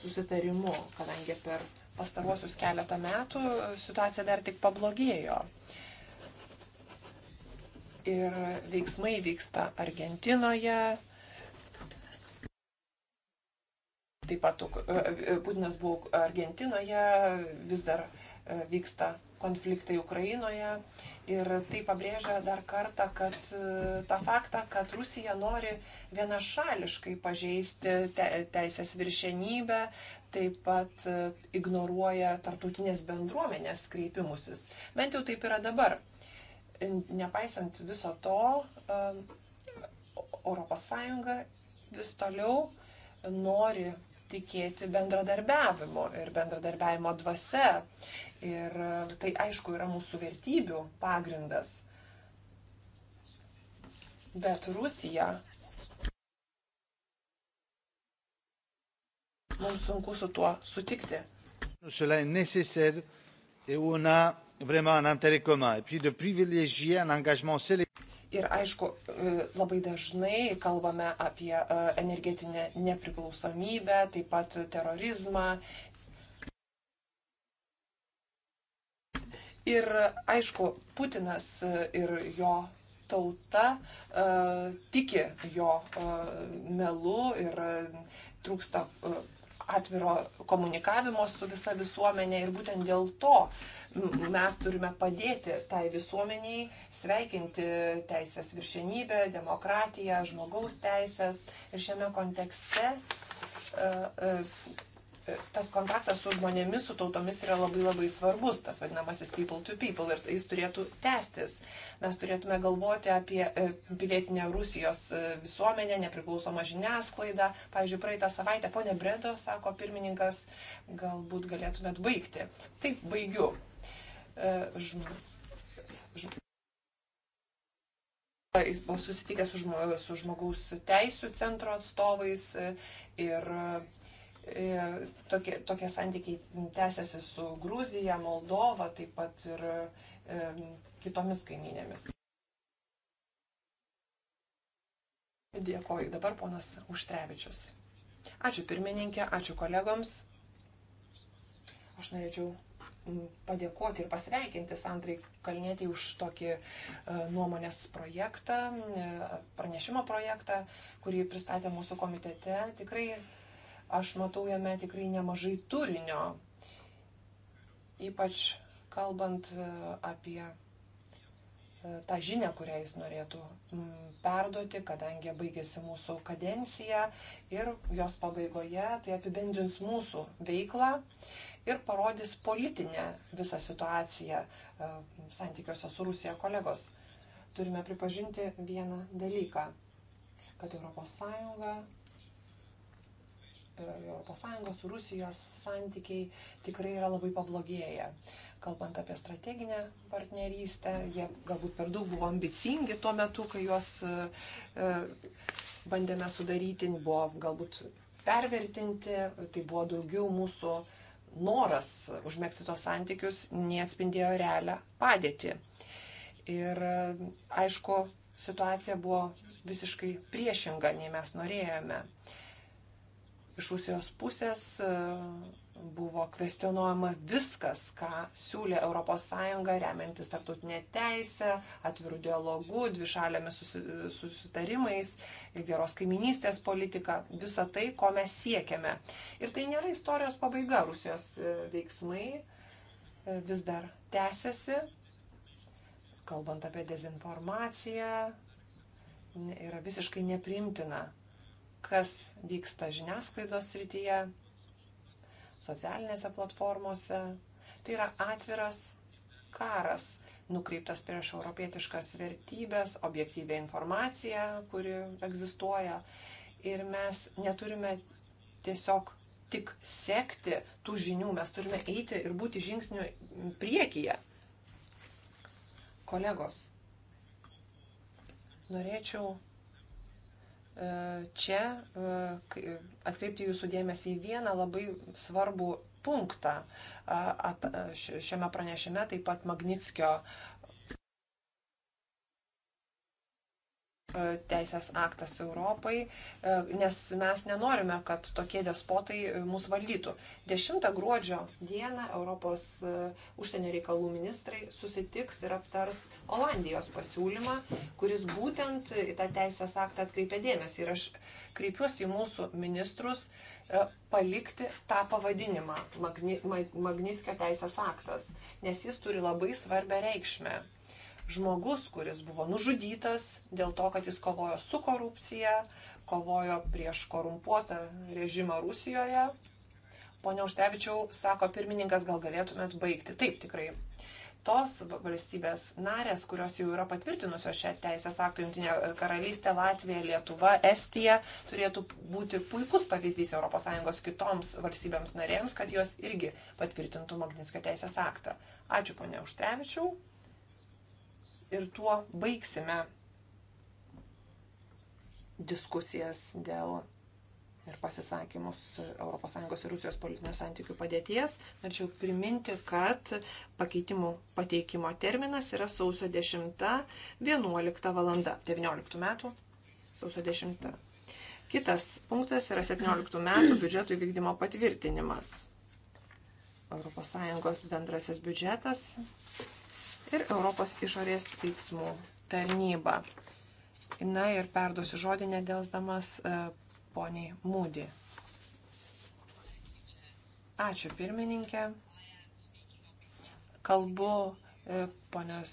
susitarimu, kadangi per pastaruosius keletą metų situacija dar tik pablogėjo. Uh, ir veiksmai vyksta Argentinoje. Taip pat e, e, Putinas buvo Argentinoje, vis dar e, vyksta konfliktai Ukrainoje. Ir tai pabrėžia dar kartą, kad tą faktą, kad Rusija nori vienašališkai pažeisti te, teisės viršenybę, taip pat ignoruoja tartutinės bendruomenės kreipimusis. Bent jau taip yra dabar nepaisant viso to, ES vis toliau nori tikėti bendradarbiavimo ir bendradarbiavimo dvasia. Ir e, tai aišku yra mūsų vertybių pagrindas. Bet Rusija. Mums sunku su tuo sutikti. Cela est nécessaire et on a vraiment un intérêt commun et puis de privilégier un engagement sélectif. Ir aišku, e, labai dažnai kalbame apie e, energetinę nepriklausomybę, taip pat terorizmą. Ir aišku, Putinas ir jo tauta e, tiki jo melu ir trūksta atviro komunikavimo su visa visuomenė ir būtent dėl to mes turime padėti tai visuomeniai sveikinti teisės viršenybę, demokratiją, žmogaus teisės ir šiame kontekste e, e, tas kontaktas su žmonėmis, su tautomis yra labai labai svarbus, tas vadinamasis people to people ir jis turėtų tęstis. Mes turėtume galvoti apie e, pilietinę Rusijos e, visuomenę, nepriklausomą žiniasklaidą. Pavyzdžiui, praeitą savaitę, ponė Bredo, sako pirmininkas, galbūt galėtumėt baigti. Taip, baigiu. E, žm... Žm... Jis buvo susitikęs su, žmo, su žmogaus teisų centro atstovais ir E, tokie, tokie santykiai tęsiasi su Gruzija, Moldova, taip pat ir e, kitomis kaiminėmis. Dėkoju dabar ponas Užtrevičius. Ačiū pirmininkė, ačiū kolegoms. Aš norėčiau padėkoti ir pasveikinti Sandrai Kalnėtį už tokį e, nuomonės projektą, pranešimo projektą, kurį pristatė mūsų komitete. Tikrai Aš matau jame tikrai nemažai turinio, ypač kalbant e, apie e, tą žinę, kurią jis norėtų perduoti, kadangi baigėsi mūsų kadencija ir jos pabaigoje tai apibendrins mūsų veiklą ir parodys politinę visą situaciją e, santykiuose su Rusija kolegos. Turime pripažinti vieną dalyką, kad ES ES, Rusijos santykiai tikrai yra labai pablogėję. Kalbant apie strateginę partnerystę, jie galbūt per daug buvo ambicingi tuo metu, kai juos e, e, bandėme sudaryti, buvo galbūt pervertinti, tai buvo daugiau mūsų noras užmėgti tos santykius, neatspindėjo realią padėtį. Ir e, aišku, situacija buvo visiškai priešinga, nei mes norėjome. Uh, iš Rusijos pusės e, buvo kvestionuojama viskas, ką siūlė ES remiantis tarptautinė teisė, atvirų dialogų, dvišalėmis susitarimais, geros kaiminystės politika, visa tai, ko mes siekiame. Ir tai nėra istorijos pabaiga, Rusijos e, veiksmai e, vis dar tęsiasi, kalbant apie dezinformaciją, yra visiškai neprimtina kas vyksta žiniasklaidos srityje, socialinėse platformose. Tai yra atviras karas, nukreiptas prieš europietiškas vertybės, objektyvę informaciją, kuri egzistuoja. Ir mes neturime tiesiog tik sekti tų žinių, mes turime eiti ir būti žingsnių priekyje. Kolegos, norėčiau E, čia e, atkreipti jūsų dėmesį į vieną labai svarbų punktą šiame pranešime, taip pat Magnitskio E, teisės aktas Europai, e, nes mes nenorime, kad tokie despotai e, mūsų valdytų. 10 gruodžio dieną Europos užsienio reikalų ministrai susitiks ir aptars Olandijos pasiūlymą, kuris būtent į tą teisės aktą atkreipia dėmesį. Ir aš kreipiuosi į mūsų ministrus palikti tą pavadinimą Magni, Magnitskio teisės aktas, nes jis turi labai svarbę reikšmę žmogus, kuris buvo nužudytas dėl to, kad jis kovojo su korupcija, kovojo prieš korumpuotą režimą Rusijoje. Pone Užtevičiau, sako pirmininkas, gal galėtumėt baigti. Taip, tikrai. Tos valstybės narės, kurios jau yra patvirtinusios šią teisės aktą, Junktinė karalystė, Latvija, Lietuva, Estija, turėtų būti puikus pavyzdys ES kitoms valstybėms narėms, kad jos irgi patvirtintų Magnitskio teisės aktą. Ačiū, ponia Užtevičiau ir tuo baigsime diskusijas dėl ir pasisakymus ES ir Rusijos politinių santykių padėties. Norėčiau priminti, kad pakeitimų pateikimo terminas yra sausio 10-11 val. 19 metų. Sausio 10. Kitas punktas yra 17 metų biudžeto įvykdymo patvirtinimas. ES bendrasis biudžetas ir Europos išorės veiksmų tarnybą. Na ir perduosiu žodį nedėlsdamas e, poniai Mūdį. Ačiū pirmininkė. Kalbu E, ponios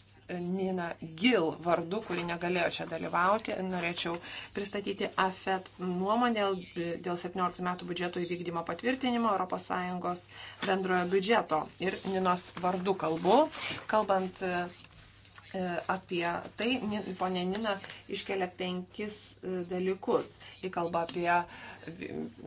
Nina Gil vardu, kuri negalėjo čia dalyvauti. Norėčiau pristatyti AFET nuomonę dėl 17 metų biudžeto įvykdymo patvirtinimo ES bendrojo biudžeto. Ir Ninos vardu kalbu, kalbant e, E, apie tai. Pone Nina iškelia penkis e, dalykus. Ji kalba apie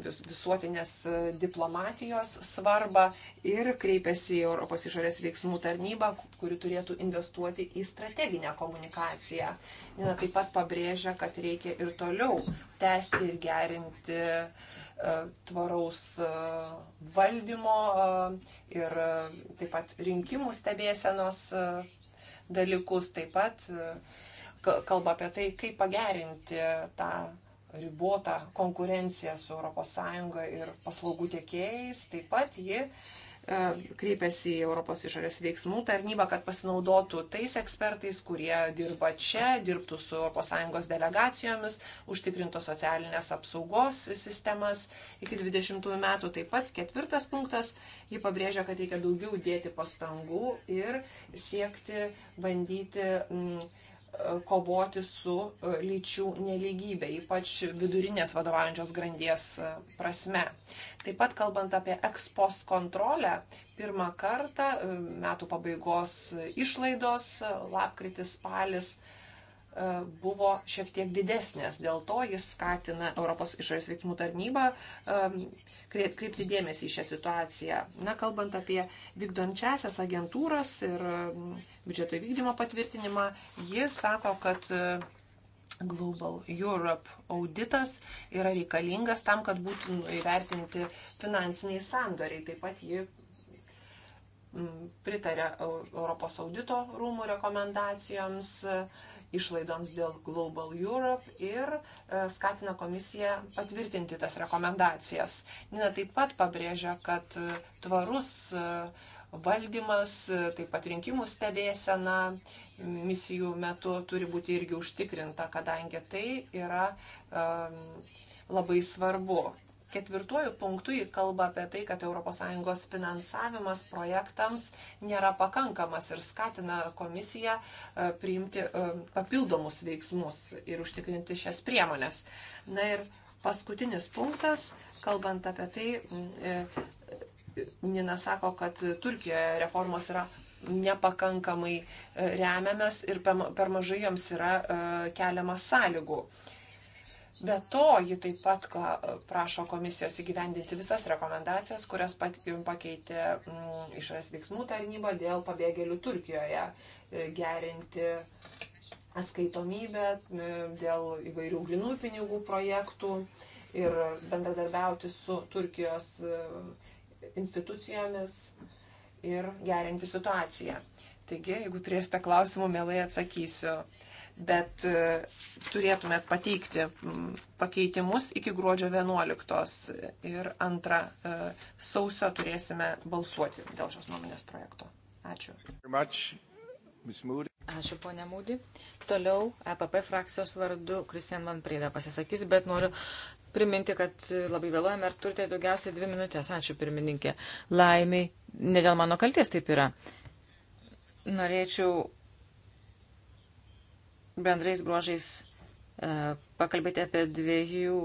visuotinės e, diplomatijos svarbą ir kreipiasi į Europos išorės veiksmų tarnybą, kuri turėtų investuoti į strateginę komunikaciją. Nina taip pat pabrėžia, kad reikia ir toliau tęsti ir gerinti tvaraus valdymo ir taip pat rinkimų stebėsenos dalykus, taip pat e, kalba apie tai, kaip pagerinti tą ribotą konkurenciją su ES ir paslaugų tiekėjais. Taip pat ji E, kreipėsi į Europos išorės veiksmų tarnybą, kad pasinaudotų tais ekspertais, kurie dirba čia, dirbtų su ES delegacijomis, užtikrintų socialinės apsaugos sistemas iki 20 metų. Taip pat ketvirtas punktas, ji pabrėžia, kad reikia daugiau dėti pastangų ir siekti bandyti. M, kovoti su e, lyčių neligybė, ypač vidurinės vadovaujančios grandies e, prasme. Taip pat kalbant apie ekspost kontrolę, pirmą kartą e, metų pabaigos išlaidos, lapkritis, spalis E, buvo šiek tiek didesnės. Dėl to jis skatina Europos išorės veikimų tarnybą e, kreipti dėmesį į šią situaciją. Na, kalbant apie vykdančiasias agentūras ir mm, biudžeto įvykdymo patvirtinimą, ji sako, kad e, Global Europe auditas yra reikalingas tam, kad būtų įvertinti finansiniai sandoriai. Taip pat ji mm, pritarė Europos audito rūmų rekomendacijoms išlaidoms dėl Global Europe ir e, skatina komisiją patvirtinti tas rekomendacijas. Nina taip pat pabrėžia, kad e, tvarus e, valdymas, taip pat rinkimų stebėsena misijų metu turi būti irgi užtikrinta, kadangi tai yra um, labai svarbu. Ketvirtuoju punktu jį kalba apie tai, kad ES finansavimas projektams nėra pakankamas ir skatina komisiją e, priimti e, papildomus veiksmus ir užtikrinti šias priemonės. Na ir paskutinis punktas, kalbant apie tai, e, Nina sako, kad Turkijoje reformos yra nepakankamai remiamas ir per mažai joms yra keliamas sąlygų. Be to, ji taip pat prašo komisijos įgyvendinti visas rekomendacijas, kurias pakeitė mm, išorės veiksmų tarnyba dėl pabėgėlių Turkijoje, e, gerinti atskaitomybę e, dėl įvairių grinų pinigų projektų ir bendradarbiauti su Turkijos e, institucijomis ir gerinti situaciją. Taigi, jeigu turėsite klausimų, mielai atsakysiu bet e, turėtumėt pateikti pakeitimus iki gruodžio 11 ir antrą e, sausio turėsime balsuoti dėl šios nuomonės projekto. Ačiū. Ačiū, ponė Mūdi. Toliau EPP frakcijos vardu Kristian Van Prida pasisakys, bet noriu priminti, kad labai vėluojame ir turite daugiausiai dvi minutės. Ačiū, pirmininkė. Laimiai, ne dėl mano kalties taip yra. Norėčiau bendrais bruožais e, pakalbėti apie dviejų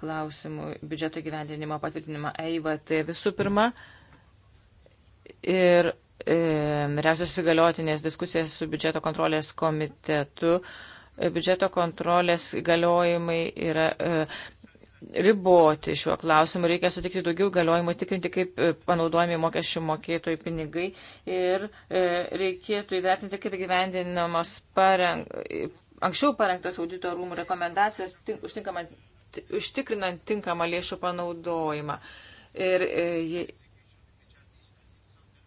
klausimų biudžeto gyvendinimo patvirtinimą EIVT visų pirma ir e, vyriausios įgaliotinės diskusijas su biudžeto kontrolės komitetu. E, biudžeto kontrolės įgaliojimai yra riboti šiuo klausimu, reikia sutikti daugiau galiojimų, tikrinti, kaip e, panaudojami mokesčių mokėtojų pinigai ir e, reikėtų įvertinti, kaip gyvendinamos pareng... anksčiau parengtos audito rūmų rekomendacijos, tink, užtikrinant tinkamą lėšų panaudojimą. Ir e,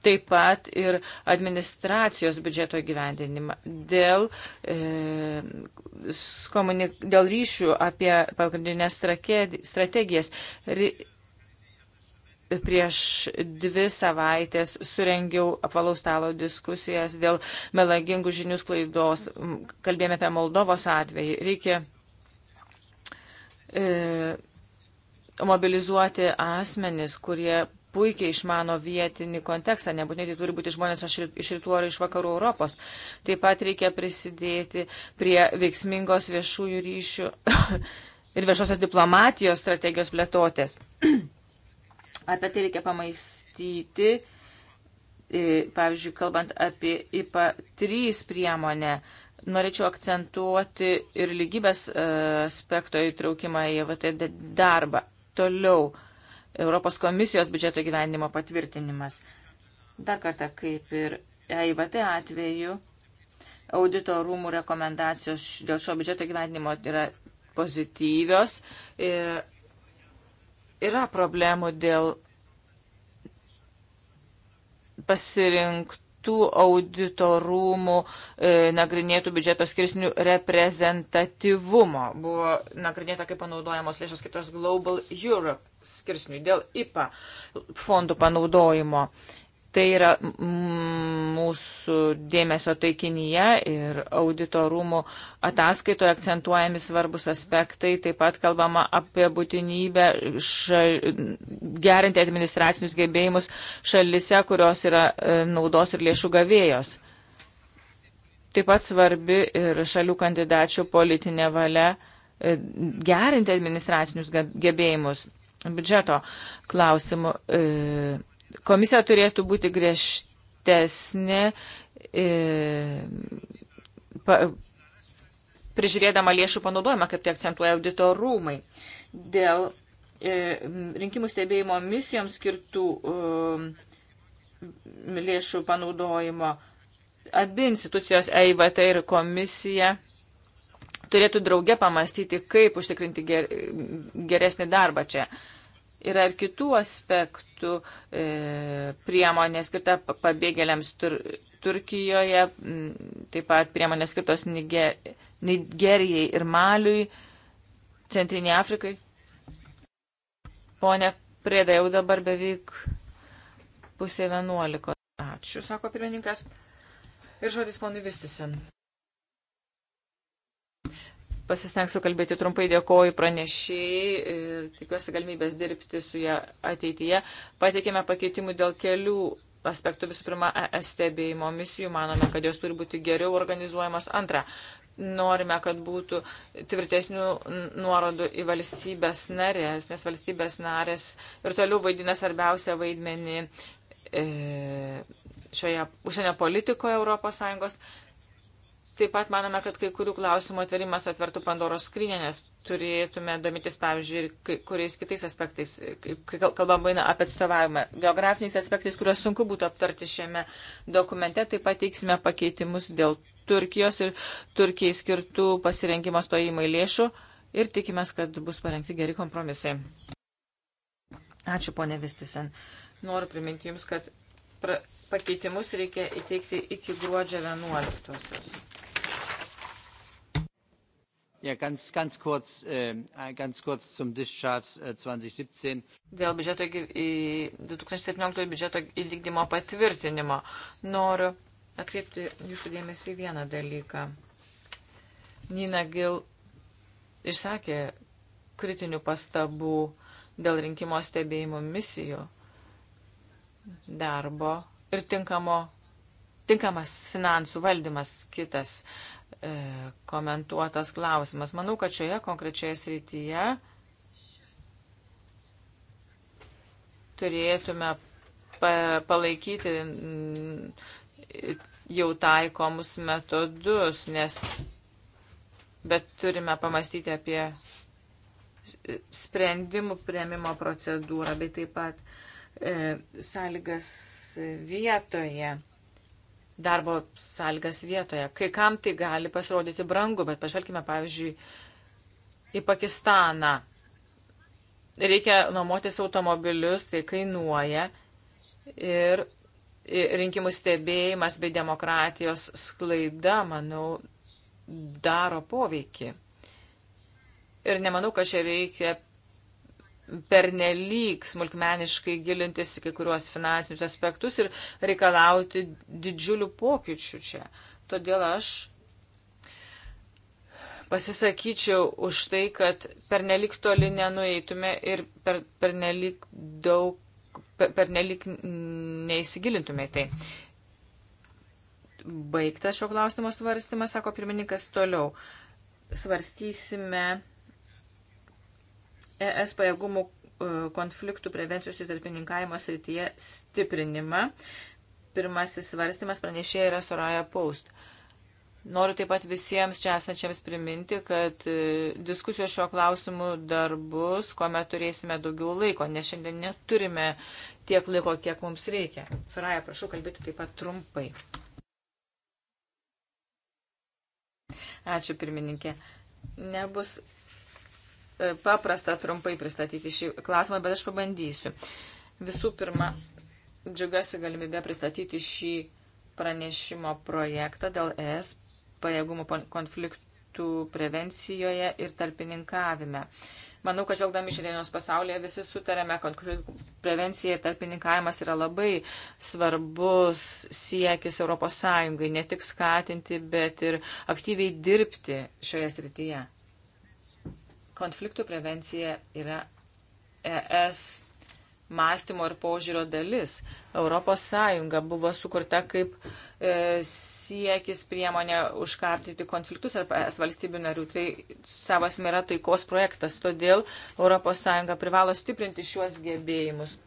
taip pat ir administracijos biudžeto gyvendinimą. Dėl, e, komunik, dėl ryšių apie pagrindinės strategijas. Ri, prieš dvi savaitės surengiau apvalaus stalo diskusijas dėl melagingų žinių sklaidos. Kalbėjome apie Moldovos atvejį. Reikia e, mobilizuoti asmenis, kurie puikiai išmano vietinį kontekstą, nebūtinai tai turi būti žmonės iš rytų ar iš vakarų Europos. Taip pat reikia prisidėti prie veiksmingos viešųjų ryšių ir viešosios diplomatijos strategijos plėtotės. apie tai reikia pamaistyti, e, pavyzdžiui, kalbant apie IPA 3 priemonę. Norėčiau akcentuoti ir lygybės e, aspekto įtraukimą į VT darbą. Toliau Europos komisijos biudžeto gyvenimo patvirtinimas. Dar kartą, kaip ir EIVT atveju, audito rūmų rekomendacijos dėl šio biudžeto gyvenimo yra pozityvios ir yra problemų dėl pasirinktų kitų auditorumų e, nagrinėtų biudžeto skirsnių reprezentatyvumo. Buvo nagrinėta, kaip panaudojamos lėšos kitos Global Europe skirsnių dėl IPA fondų panaudojimo. Tai yra mūsų dėmesio taikinyje ir audito rūmų ataskaitoje akcentuojami svarbus aspektai. Taip pat kalbama apie būtinybę šal... gerinti administracinius gebėjimus šalise, kurios yra e, naudos ir lėšų gavėjos. Taip pat svarbi ir šalių kandidačių politinė valia e, gerinti administracinius gebėjimus biudžeto klausimų. E Komisija turėtų būti griežtesnė. E, pa, prižiūrėdama lėšų panaudojimą, kaip tai akcentuoja audito rūmai. Dėl e, rinkimų stebėjimo misijoms skirtų e, lėšų panaudojimo abi institucijos EIVT ir komisija turėtų drauge pamastyti, kaip užtikrinti ger, geresnį darbą čia. E, Yra ir kitų aspektų e, priemonė skirta pabėgėliams tur, Turkijoje, taip pat priemonės skirtos Niger, Nigerijai ir Maliui, Centriniai Afrikai. Pone Prėda, jau dabar beveik pusė vienuoliko. Ačiū, sako pirmininkas. Ir žodis ponui Vistisen. Pasistengsiu kalbėti trumpai, dėkoju pranešėjai ir tikiuosi galimybės dirbti su ją ateityje. Pateikėme pakeitimų dėl kelių aspektų. Visų pirma, ES stebėjimo misijų, manome, kad jos turi būti geriau organizuojamos. Antra, norime, kad būtų tvirtesnių nuorodų į valstybės narės, nes valstybės narės ir toliau vaidina svarbiausią vaidmenį e, šioje užsienio politikoje ES. Taip pat manome, kad kai kurių klausimų atverimas atvertų Pandoros skrinę, nes turėtume domytis, pavyzdžiui, ir kuriais kitais aspektais, kai kalbam baina apie atstovavimą, geografiniais aspektais, kuriuos sunku būtų aptarti šiame dokumente, taip pat teiksime pakeitimus dėl Turkijos ir Turkijai skirtų pasirengimo stojimai lėšų ir tikimės, kad bus parengti geri kompromisai. Ačiū, ponė Vistisen. Noriu priminti Jums, kad pra... pakeitimus reikia įteikti iki gruodžio 11. -osios. Ja, ganz, ganz, kurz, äh, ganz kurz zum Discharge äh, 2017. Dėl biudžeto, 2017 biudžeto įvykdymo patvirtinimo noriu atkreipti jūsų dėmesį į vieną dalyką. Nina Gil išsakė kritinių pastabų dėl rinkimo stebėjimo misijų, darbo ir tinkamo, tinkamas finansų valdymas kitas E, komentuotas klausimas. Manau, kad šioje konkrečioje srityje turėtume palaikyti mm, jau taikomus metodus, nes bet turime pamastyti apie sprendimų prieimimo procedūrą, bei taip pat e, sąlygas vietoje darbo sąlygas vietoje. Kai kam tai gali pasirodyti brangu, bet pažvelkime, pavyzdžiui, į Pakistaną. Reikia nuomotis automobilius, tai kainuoja. Ir rinkimų stebėjimas bei demokratijos sklaida, manau, daro poveikį. Ir nemanau, kad čia reikia pernelyg smulkmeniškai gilintis į kai kuriuos finansinius aspektus ir reikalauti didžiulių pokyčių čia. Todėl aš pasisakyčiau už tai, kad pernelyg toli nenueitume ir per, pernelyg daug, per, pernelyg neįsigilintume į tai. Baigtas šio klausimo svarstymas, sako pirmininkas, toliau svarstysime ES pajėgumų e, konfliktų prevencijos ir tarpininkavimo srityje stiprinimą. Pirmasis svarstymas pranešėja yra Soraya Paust. Noriu taip pat visiems čia esančiams priminti, kad e, diskusijos šiuo klausimu dar bus, kuomet turėsime daugiau laiko, nes šiandien neturime tiek laiko, kiek mums reikia. Soraya, prašau kalbėti taip pat trumpai. Ačiū pirmininkė. Nebus E, paprasta trumpai pristatyti šį klausimą, bet aš pabandysiu. Visų pirma, džiugiuosi galimybę pristatyti šį pranešimo projektą dėl ES pajėgumų konfliktų prevencijoje ir tarpininkavime. Manau, kad žvelgdami šiandienos pasaulyje visi sutarėme, kad prevencija ir tarpininkavimas yra labai svarbus siekis ES, ne tik skatinti, bet ir aktyviai dirbti šioje srityje. Konfliktų prevencija yra ES mąstymo ir požiūrio dalis. ES buvo sukurta kaip e, siekis priemonė užkartyti konfliktus ar ES valstybių narių. Tai savas yra taikos projektas, todėl ES privalo stiprinti šiuos gebėjimus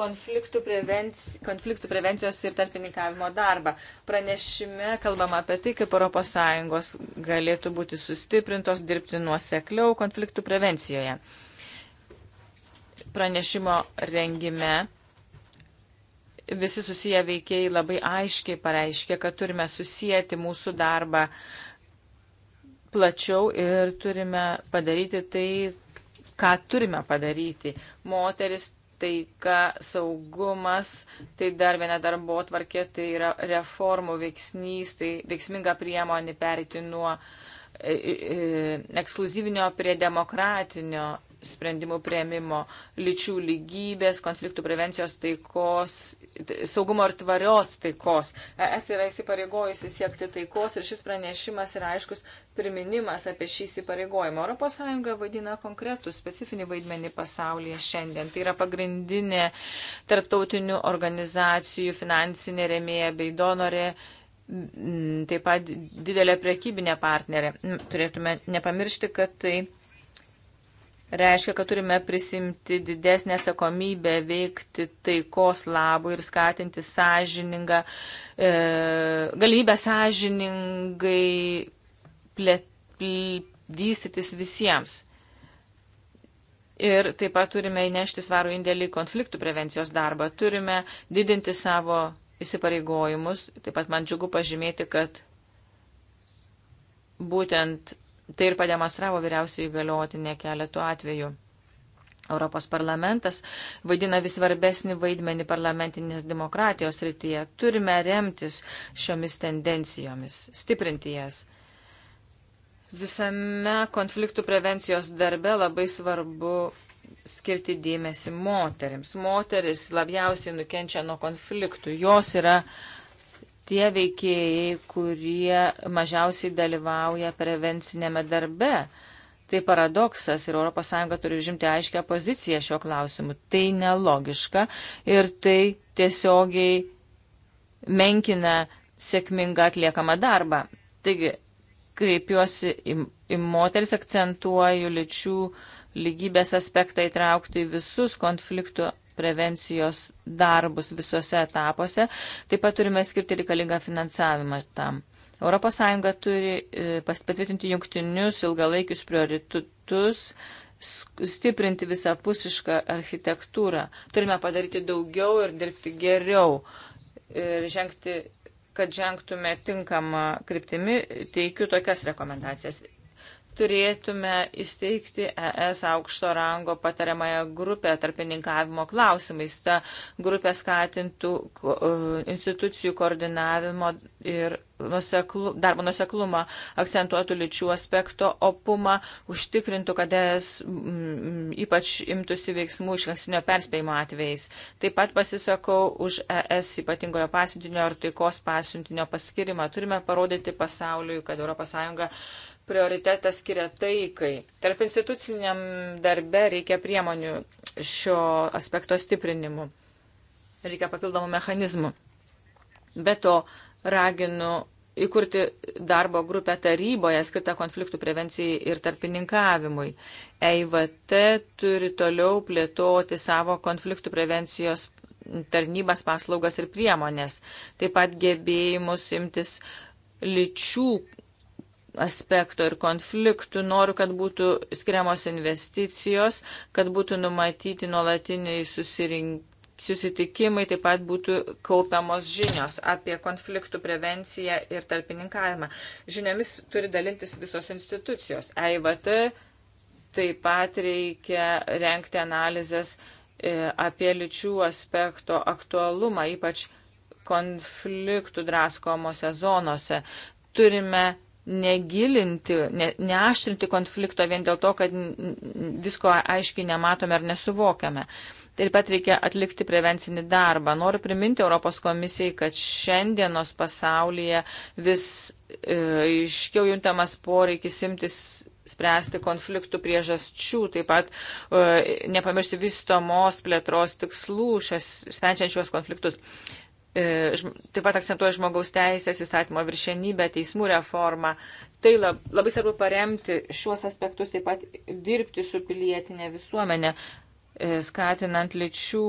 konfliktų, prevenci konfliktų prevencijos ir tarpininkavimo darbą. Pranešime kalbama apie tai, kaip ES galėtų būti sustiprintos dirbti nuosekliau konfliktų prevencijoje. Pranešimo rengime visi susiję veikėjai labai aiškiai pareiškė, kad turime susijęti mūsų darbą plačiau ir turime padaryti tai, ką turime padaryti. Moteris taika, saugumas, tai dar viena darbo tvarkė, tai yra reformų veiksnys, tai veiksminga priemonė perėti nuo e, e, e, ekskluzyvinio prie demokratinio sprendimų prieimimo, lyčių lygybės, konfliktų prevencijos, taikos saugumo ir tvarios taikos. Es yra įsipareigojusi siekti taikos ir šis pranešimas yra aiškus priminimas apie šį įsipareigojimą. ES vaidina konkretų specifinį vaidmenį pasaulyje šiandien. Tai yra pagrindinė tarptautinių organizacijų finansinė remėja bei donorė taip pat didelė prekybinė partnerė. Turėtume nepamiršti, kad tai reiškia, kad turime prisimti didesnį atsakomybę veikti taikos labui ir skatinti sąžiningą, e, galimybę sąžiningai plėt, plė, vystytis visiems. Ir taip pat turime įnešti svarų indėlį konfliktų prevencijos darbą. Turime didinti savo įsipareigojimus. Taip pat man džiugu pažymėti, kad būtent Tai ir pademonstravo vyriausiai galiotinė keletų atvejų. Europos parlamentas vaidina vis svarbesnį vaidmenį parlamentinės demokratijos rytyje. Turime remtis šiomis tendencijomis, stiprinti jas. Visame konfliktų prevencijos darbe labai svarbu skirti dėmesį moteriams. Moteris labiausiai nukenčia nuo konfliktų. Jos yra uh, tie veikėjai, kurie mažiausiai dalyvauja prevencinėme darbe. Tai paradoksas ir ES turi žimti aiškę poziciją šiuo klausimu. Tai nelogiška ir tai tiesiogiai menkina sėkmingą atliekamą darbą. Taigi, kreipiuosi į, į moteris, akcentuoju lyčių lygybės aspektą įtraukti į visus konfliktų prevencijos darbus visose etapuose. Taip pat turime skirti reikalingą finansavimą tam. ES turi e, patvirtinti jungtinius ilgalaikius prioritetus, stiprinti visapusišką architektūrą. Turime padaryti daugiau ir dirbti geriau. Ir žengti kad žengtume tinkamą kryptimi, teikiu tokias rekomendacijas turėtume įsteigti ES aukšto rango patariamąją grupę tarpininkavimo klausimais. Ta grupė skatintų e, institucijų koordinavimo ir nuseklu, darbo nuseklumą, akcentuotų lyčių aspekto opumą, užtikrintų, kad ES mm, ypač imtųsi veiksmų iš anksinio perspėjimo atvejais. Taip pat pasisakau už ES ypatingojo pasiuntinio ar taikos pasiuntinio paskirimą. Turime parodyti pasauliui, kad ES prioritetą skiria taikai. Tarp instituciniam darbe reikia priemonių šio aspekto stiprinimu. Reikia papildomų mechanizmų. Be to, raginu įkurti darbo grupę taryboje skirtą konfliktų prevencijai ir tarpininkavimui. EIVT turi toliau plėtoti savo konfliktų prevencijos tarnybas, paslaugas ir priemonės, taip pat gebėjimus imtis lyčių aspekto ir konfliktų. Noriu, kad būtų skiriamos investicijos, kad būtų numatyti nuolatiniai susitikimai, taip pat būtų kaupiamos žinios apie konfliktų prevenciją ir tarpininkavimą. Žiniomis turi dalintis visos institucijos. EIVT taip pat reikia renkti analizės e, apie lyčių aspekto aktualumą, ypač konfliktų draskomose zonose. Turime negilinti, ne, neaštrinti konflikto vien dėl to, kad visko aiškiai nematome ar nesuvokiame. Taip pat reikia atlikti prevencinį darbą. Noriu priminti Europos komisijai, kad šiandienos pasaulyje vis e, iškiau juntamas poreikis imtis spręsti konfliktų priežasčių, taip pat e, nepamiršti vystomos plėtros tikslų, sprendžiant šios konfliktus. E, taip pat akcentuoja žmogaus teisės, įstatymo viršenybę, teismų reformą. Tai labai svarbu paremti šiuos aspektus, taip pat dirbti su pilietinė visuomenė, e, skatinant lyčių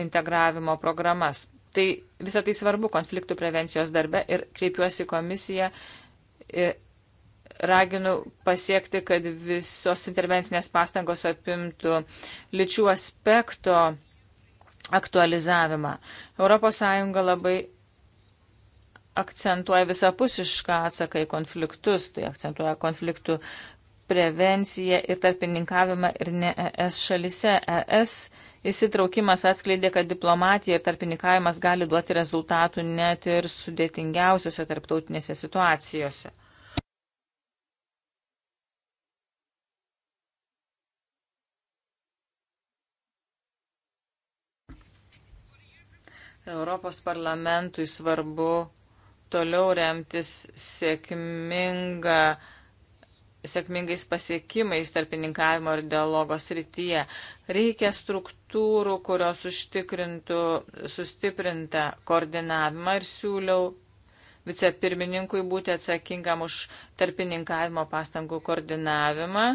integravimo programas. Tai visą tai svarbu konfliktų prevencijos darbe ir kreipiuosi komisiją e, raginu pasiekti, kad visos intervencinės pastangos apimtų lyčių aspekto aktualizavimą. ES labai akcentuoja visapusišką atsaką į konfliktus, tai akcentuoja konfliktų prevenciją ir tarpininkavimą ir ne ES šalise. ES įsitraukimas atskleidė, kad diplomatija ir tarpininkavimas gali duoti rezultatų net ir sudėtingiausiose tarptautinėse situacijose. Europos parlamentui svarbu toliau remtis sėkminga, sėkmingais pasiekimais tarpininkavimo ir dialogo srityje. Reikia struktūrų, kurios užtikrintų sustiprintą koordinavimą ir siūliau vicepirmininkui būti atsakingam už tarpininkavimo pastangų koordinavimą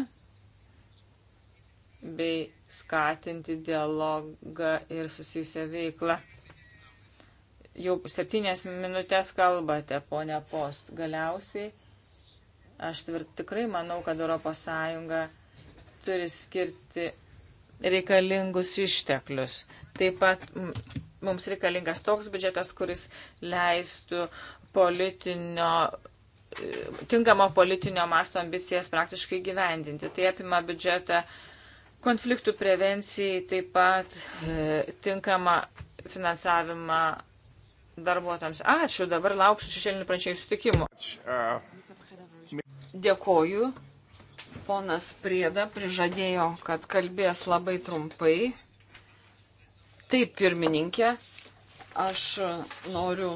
bei skatinti dialogą ir susijusią veiklą. Jau septynės minutės kalbate, ponia Post. Galiausiai aš tikrai manau, kad ES turi skirti reikalingus išteklius. Taip pat mums reikalingas toks biudžetas, kuris leistų politinio, e, tinkamo politinio masto ambicijas praktiškai gyvendinti. Tai apima biudžetą konfliktų prevencijai, taip pat e, tinkamą finansavimą darbuotojams. Ačiū, dabar lauksiu šešėlinių pranešėjų sutikimų. Dėkoju. Ponas Prieda prižadėjo, kad kalbės labai trumpai. Taip, pirmininkė, aš noriu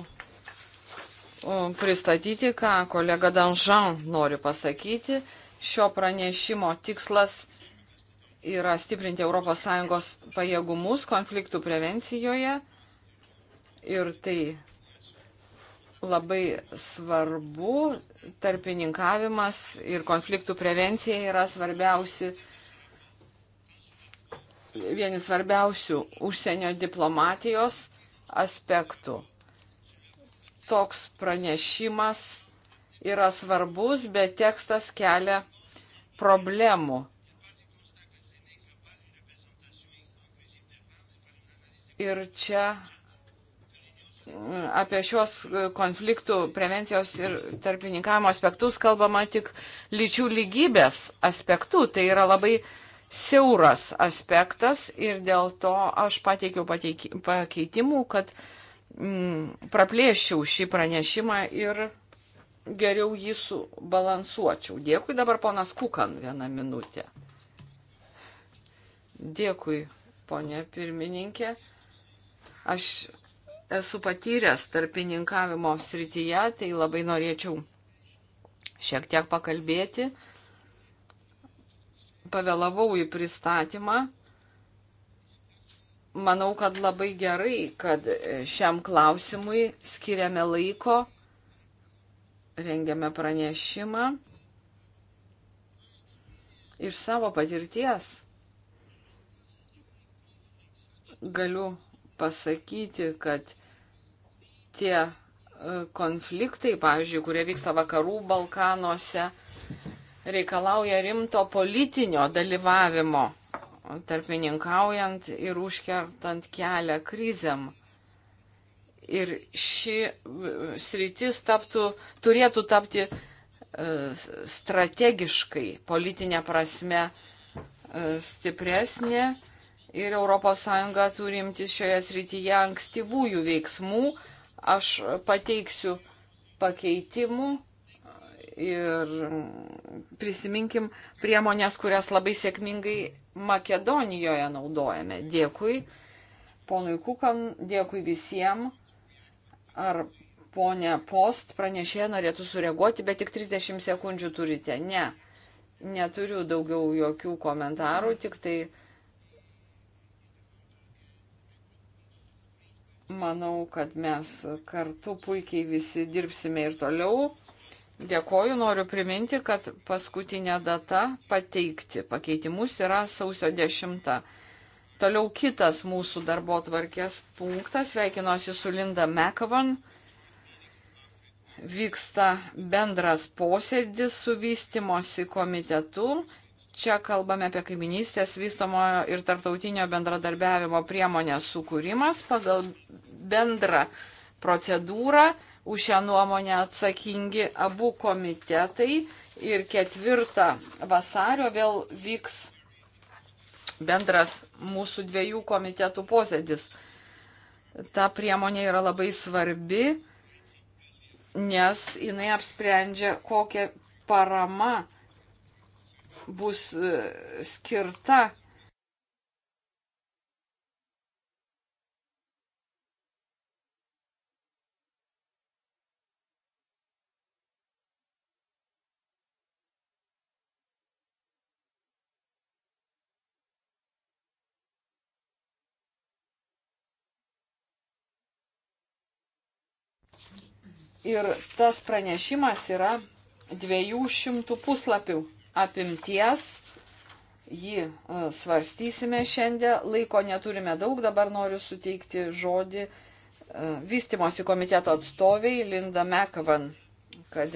pristatyti, ką kolega Danžan nori pasakyti. Šio pranešimo tikslas yra stiprinti ES pajėgumus konfliktų prevencijoje Ir tai labai svarbu, tarpininkavimas ir konfliktų prevencija yra svarbiausi, vieni svarbiausių užsienio diplomatijos aspektų. Toks pranešimas yra svarbus, bet tekstas kelia problemų. Ir čia apie šios e, konfliktų prevencijos ir tarpininkavimo aspektus kalbama tik lyčių lygybės aspektų. Tai yra labai siauras aspektas ir dėl to aš pateikiau pateik, pakeitimų, kad mm, praplėščiau šį pranešimą ir geriau jį subalansuočiau. Dėkui dabar ponas Kukan vieną minutę. Dėkui, ponė pirmininkė. Aš esu patyręs tarpininkavimo srityje, tai labai norėčiau šiek tiek pakalbėti. Pavėlavau į pristatymą. Manau, kad labai gerai, kad šiam klausimui skiriame laiko, rengiame pranešimą iš savo patirties galiu pasakyti, kad tie e, konfliktai, pavyzdžiui, kurie vyksta vakarų Balkanuose, reikalauja rimto politinio dalyvavimo, tarpininkaujant ir užkertant kelią krizėm. Ir ši e, sritis taptų, turėtų tapti e, strategiškai, politinė prasme stipresnė ir ES turi imtis šioje srityje ankstyvųjų veiksmų, Aš pateiksiu pakeitimų ir prisiminkim priemonės, kurias labai sėkmingai Makedonijoje naudojame. Dėkui ponui Kukan, dėkui visiems. Ar ponė Post pranešė norėtų sureaguoti, bet tik 30 sekundžių turite? Ne, neturiu daugiau jokių komentarų, tik tai Manau, kad mes kartu puikiai visi dirbsime ir toliau. Dėkoju, noriu priminti, kad paskutinė data pateikti pakeitimus yra sausio 10. Toliau kitas mūsų darbo tvarkės punktas, sveikinuosi su Linda McAvan. Vyksta bendras posėdis su vystimosi komitetu Čia kalbame apie kaiminystės vystomojo ir tarptautinio bendradarbiavimo priemonės sukūrimas pagal bendrą procedūrą. Už šią nuomonę atsakingi abu komitetai ir ketvirtą vasario vėl vyks bendras mūsų dviejų komitetų posėdis. Ta priemonė yra labai svarbi, nes jinai apsprendžia, kokia parama bus e, skirta Ir tas pranešimas yra 200 puslapių apimties. Jį e, svarstysime šiandien. Laiko neturime daug. Dabar noriu suteikti žodį e, vystimosi komiteto atstoviai Linda Mekavan, kad